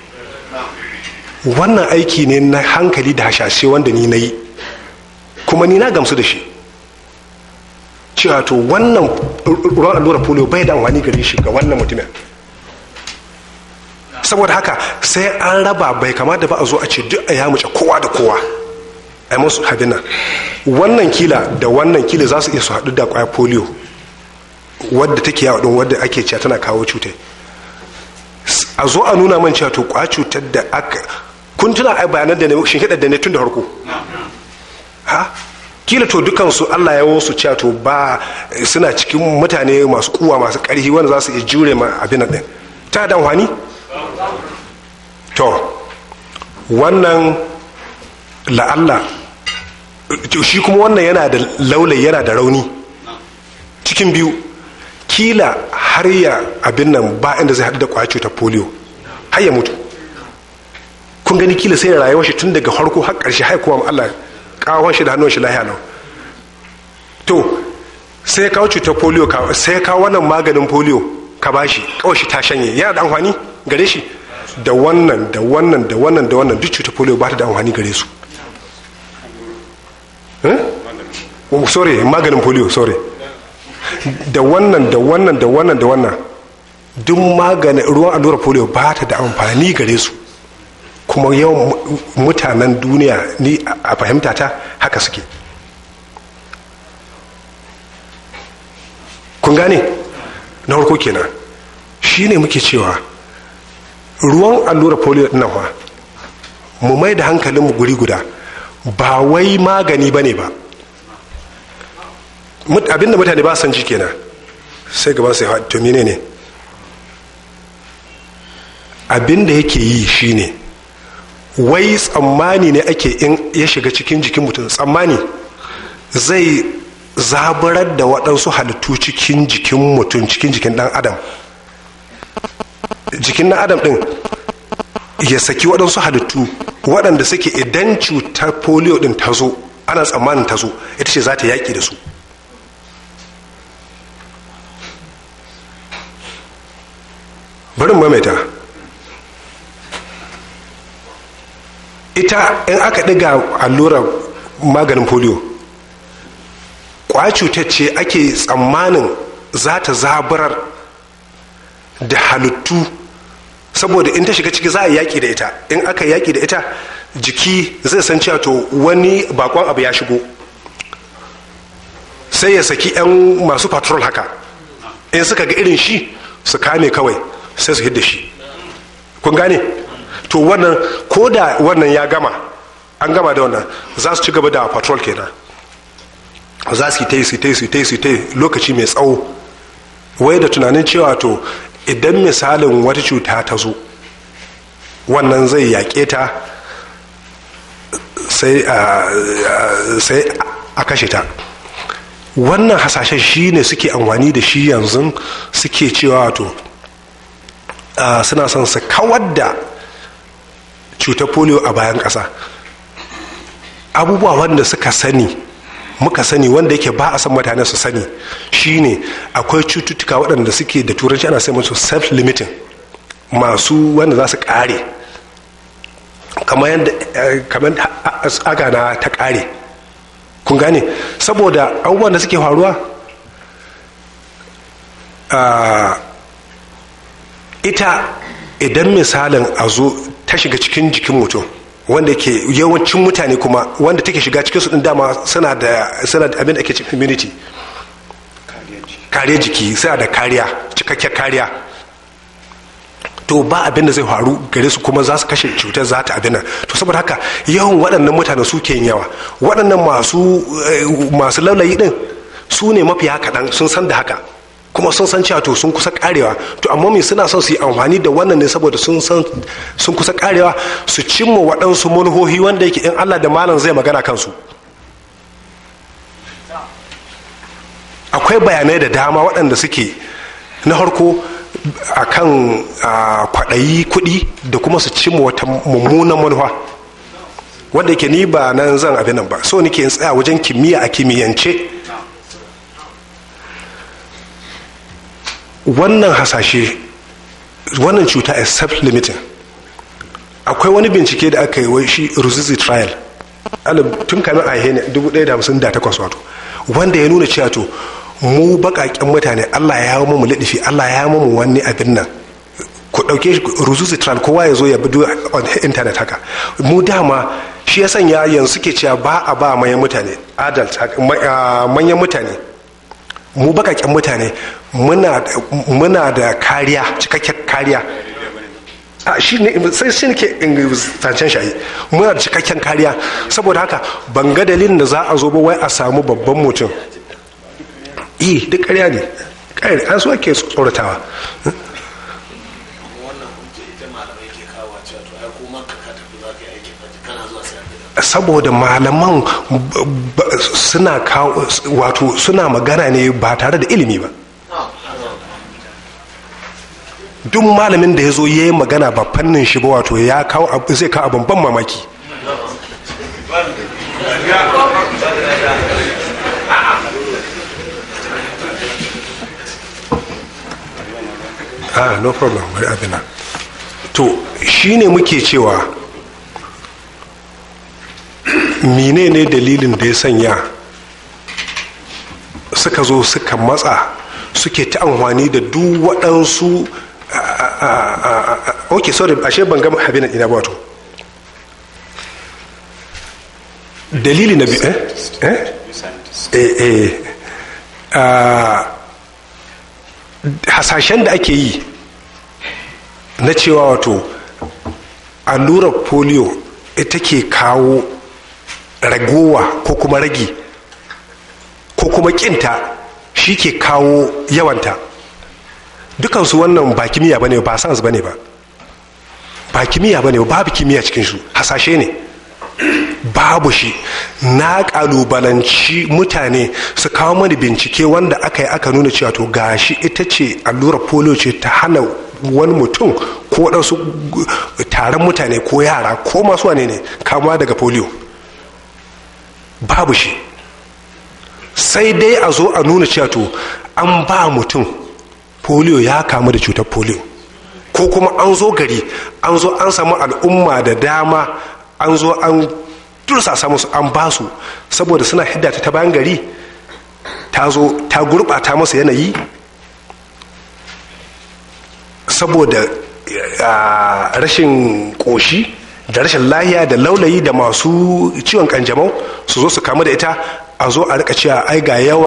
wannan aiki ne na hankali da hashashe wanda ni na yi kuma ni na gamsu da shi cewa to wannan ruwan allura polio bai da amfani gare shi ga wannan mutumin saboda haka sai an raba bai kamata ba a zo a ce duk a yamuce kowa da kowa a musu hadina wannan kila da wannan kila za su iya su haɗu da ƙwaya polio wadda take yawa ɗin wadda ake cewa tana kawo cuta a zo a nuna man cewa to ƙwa cutar da aka kun tuna a bayanan da ne shinkiɗar da ne tun da harko ha kila to dukansu allah ya wasu cewa to ba suna cikin mutane masu kuwa masu ƙarfi wanda za su iya jure ma abin nan ɗin ta da wani to wannan la'alla shi kuma wannan yana da laulayi yana da rauni cikin biyu kila har ya abin nan ba inda zai haɗu da kwaya cutar polio har ya mutu kun gani kila sai rayuwa shi tun daga harko har ƙarshe har kuma Allah kawon shi da hannun shi lahiya nan to sai kawo cutar polio sai kawo wannan maganin polio ka bashi kawai shi ta shanye yana da amfani gare shi da wannan da wannan da wannan da wannan duk cutar polio ba ta da amfani gare su Eh? Oh, sorry maganin polio sorry da wannan da wannan da wannan da wannan duk maganin ruwan allurar polio ba ta da amfani gare su kuma yawan mutanen duniya ni a fahimta ta haka suke kun gane na farko kenan shi ne muke cewa ruwan allurar polio ɗin nan mu mai da hankalinmu guri guda ba wai magani ba ne ba abinda mutane ba san ji kenan sai gaba sai haɗu mene ne abinda yake yi shine wai tsammani ne ake in ya shiga cikin jikin mutum tsammani zai zaburar da waɗansu halittu cikin jikin mutum cikin jikin ɗan adam jikin ɗan adam ɗin ya saki waɗansu halittu waɗanda suke idan cutar polio ɗin ta zo ana tsammanin ta zo ita ce za ta yaƙi da su barin mamaita ita in aka ɗiga allurar maganin polio kwa cutar ce ake tsammanin za ta zaburar da halittu saboda in ta shiga ciki za a yaƙi da ita in aka yaki da ita jiki zai san cewa to wani bakon abu ya shigo sai ya saki 'yan masu patrol haka in suka ga irin shi su kame kawai sai su hidda shi kun gane to wannan ko da wannan ya gama an gama da wannan za su ci gaba da patrol kenan za su yi ta yi su ta yi yi lokaci mai tsawo wai da tunanin cewa to idan misalin wata cuta ta zo wannan zai yaƙe ta sai a kashe ta wannan hasashen shi ne suke amfani da shi yanzu suke cewa to suna son su kawar da cutar polio a bayan ƙasa abubuwa wanda suka sani muka sani wanda yake ba a san mutane su sani shine akwai cututtuka waɗanda suke da turanci ana sai musu self limiting masu wanda za su ƙare kamar yadda eh, agana ta ƙare kun gane saboda abubuwan da suke faruwa ah, ita idan misalin a zo ta shiga cikin jikin mutum wanda ke yawancin mutane kuma wanda take shiga cikin su din dama suna da suna da abin da ake cikin immunity kariya jiki suna da kariya cikakken kariya to ba abin da zai faru gare su kuma za su kashe cutar za ta abin to saboda haka yawan waɗannan mutane su ke yawa waɗannan masu eh, masu laulayi din su ne mafiya kaɗan sun san da haka kuma sun san cewa to sun kusa karewa to amma me suna son su yi amfani da wannan ne saboda sun san sun kusa karewa su cimma waɗansu manuhohi wanda yake in Allah da malam zai magana kansu akwai bayanai da dama waɗanda suke na harko a kan kwaɗayi kuɗi da kuma su cimma wata mummunan manuwa wanda yake ni ba nan zan abinan ba so nike in tsaya wajen kimiyya a kimiyyance wannan hasashe wannan cuta is self-limiting akwai wani bincike da aka yi wai shi ruzizi trial tun kamin a hene 1958 wato wanda ya nuna cewa to mu bakakken mutane allah ya yi mu liɗifi allah ya yi mu wani abin nan ku ɗauke ruzuzi trial kowa ya zo ya bi on internet haka mu dama shi ya sanya yanzu suke cewa ba a ba manyan mutane ah, manyan mutane mu bakakken mutane muna da kariya cikakken kariya shi ne sai shi ne ke shayi muna da cikakken kariya saboda haka ban ga dalilin da za a zo ba wai a samu babban mutum e duk kariya ne kariya an so ake tsoratawa saboda malaman suna wato suna magana ne ba tare da ilimi ba duk malamin da ya zo ya yi magana ba fannin shi ba wato ya kawo zai kawo abin ban mamaki ah no problem wani abina to shine muke cewa menene dalilin da ya sanya suka zo suka matsa suke ta amfani da duk waɗansu ok sorry ashe ban gama habinan ina ba wato dalili na biyu eh eh eh, eh hasashen da ake yi na cewa wato allurar polio ita ke kawo ragowa ko kuma ragi ko kuma kinta shi ke kawo yawanta dukansu wannan ba kimiyya ne ba sans ne ba ba kimiyya ba babu kimiyya cikin hasashe ne babu shi na kalubalanci mutane su kawo mani bincike wanda aka yi aka nuna cewa to gashi ita ce allurar polio ce ta hana wani mutum ko waɗansu taron mutane ko yara ko masu wane ne kama daga polio babu shi sai dai a zo a nuna cewa to an ba mutum polio ya kamu da cutar polio ko kuma an zo gari an zo an samu al'umma da dama an zo an tursasa musu an ba su saboda suna hidda ta bayan gari ta zo ta gurɓata masa yanayi saboda eh, ah, rashin ƙoshi da rashin lahiya da laulayi da masu ciwon kanjamau su zo su kamu da ita a zo a rika cewa ai ga yawa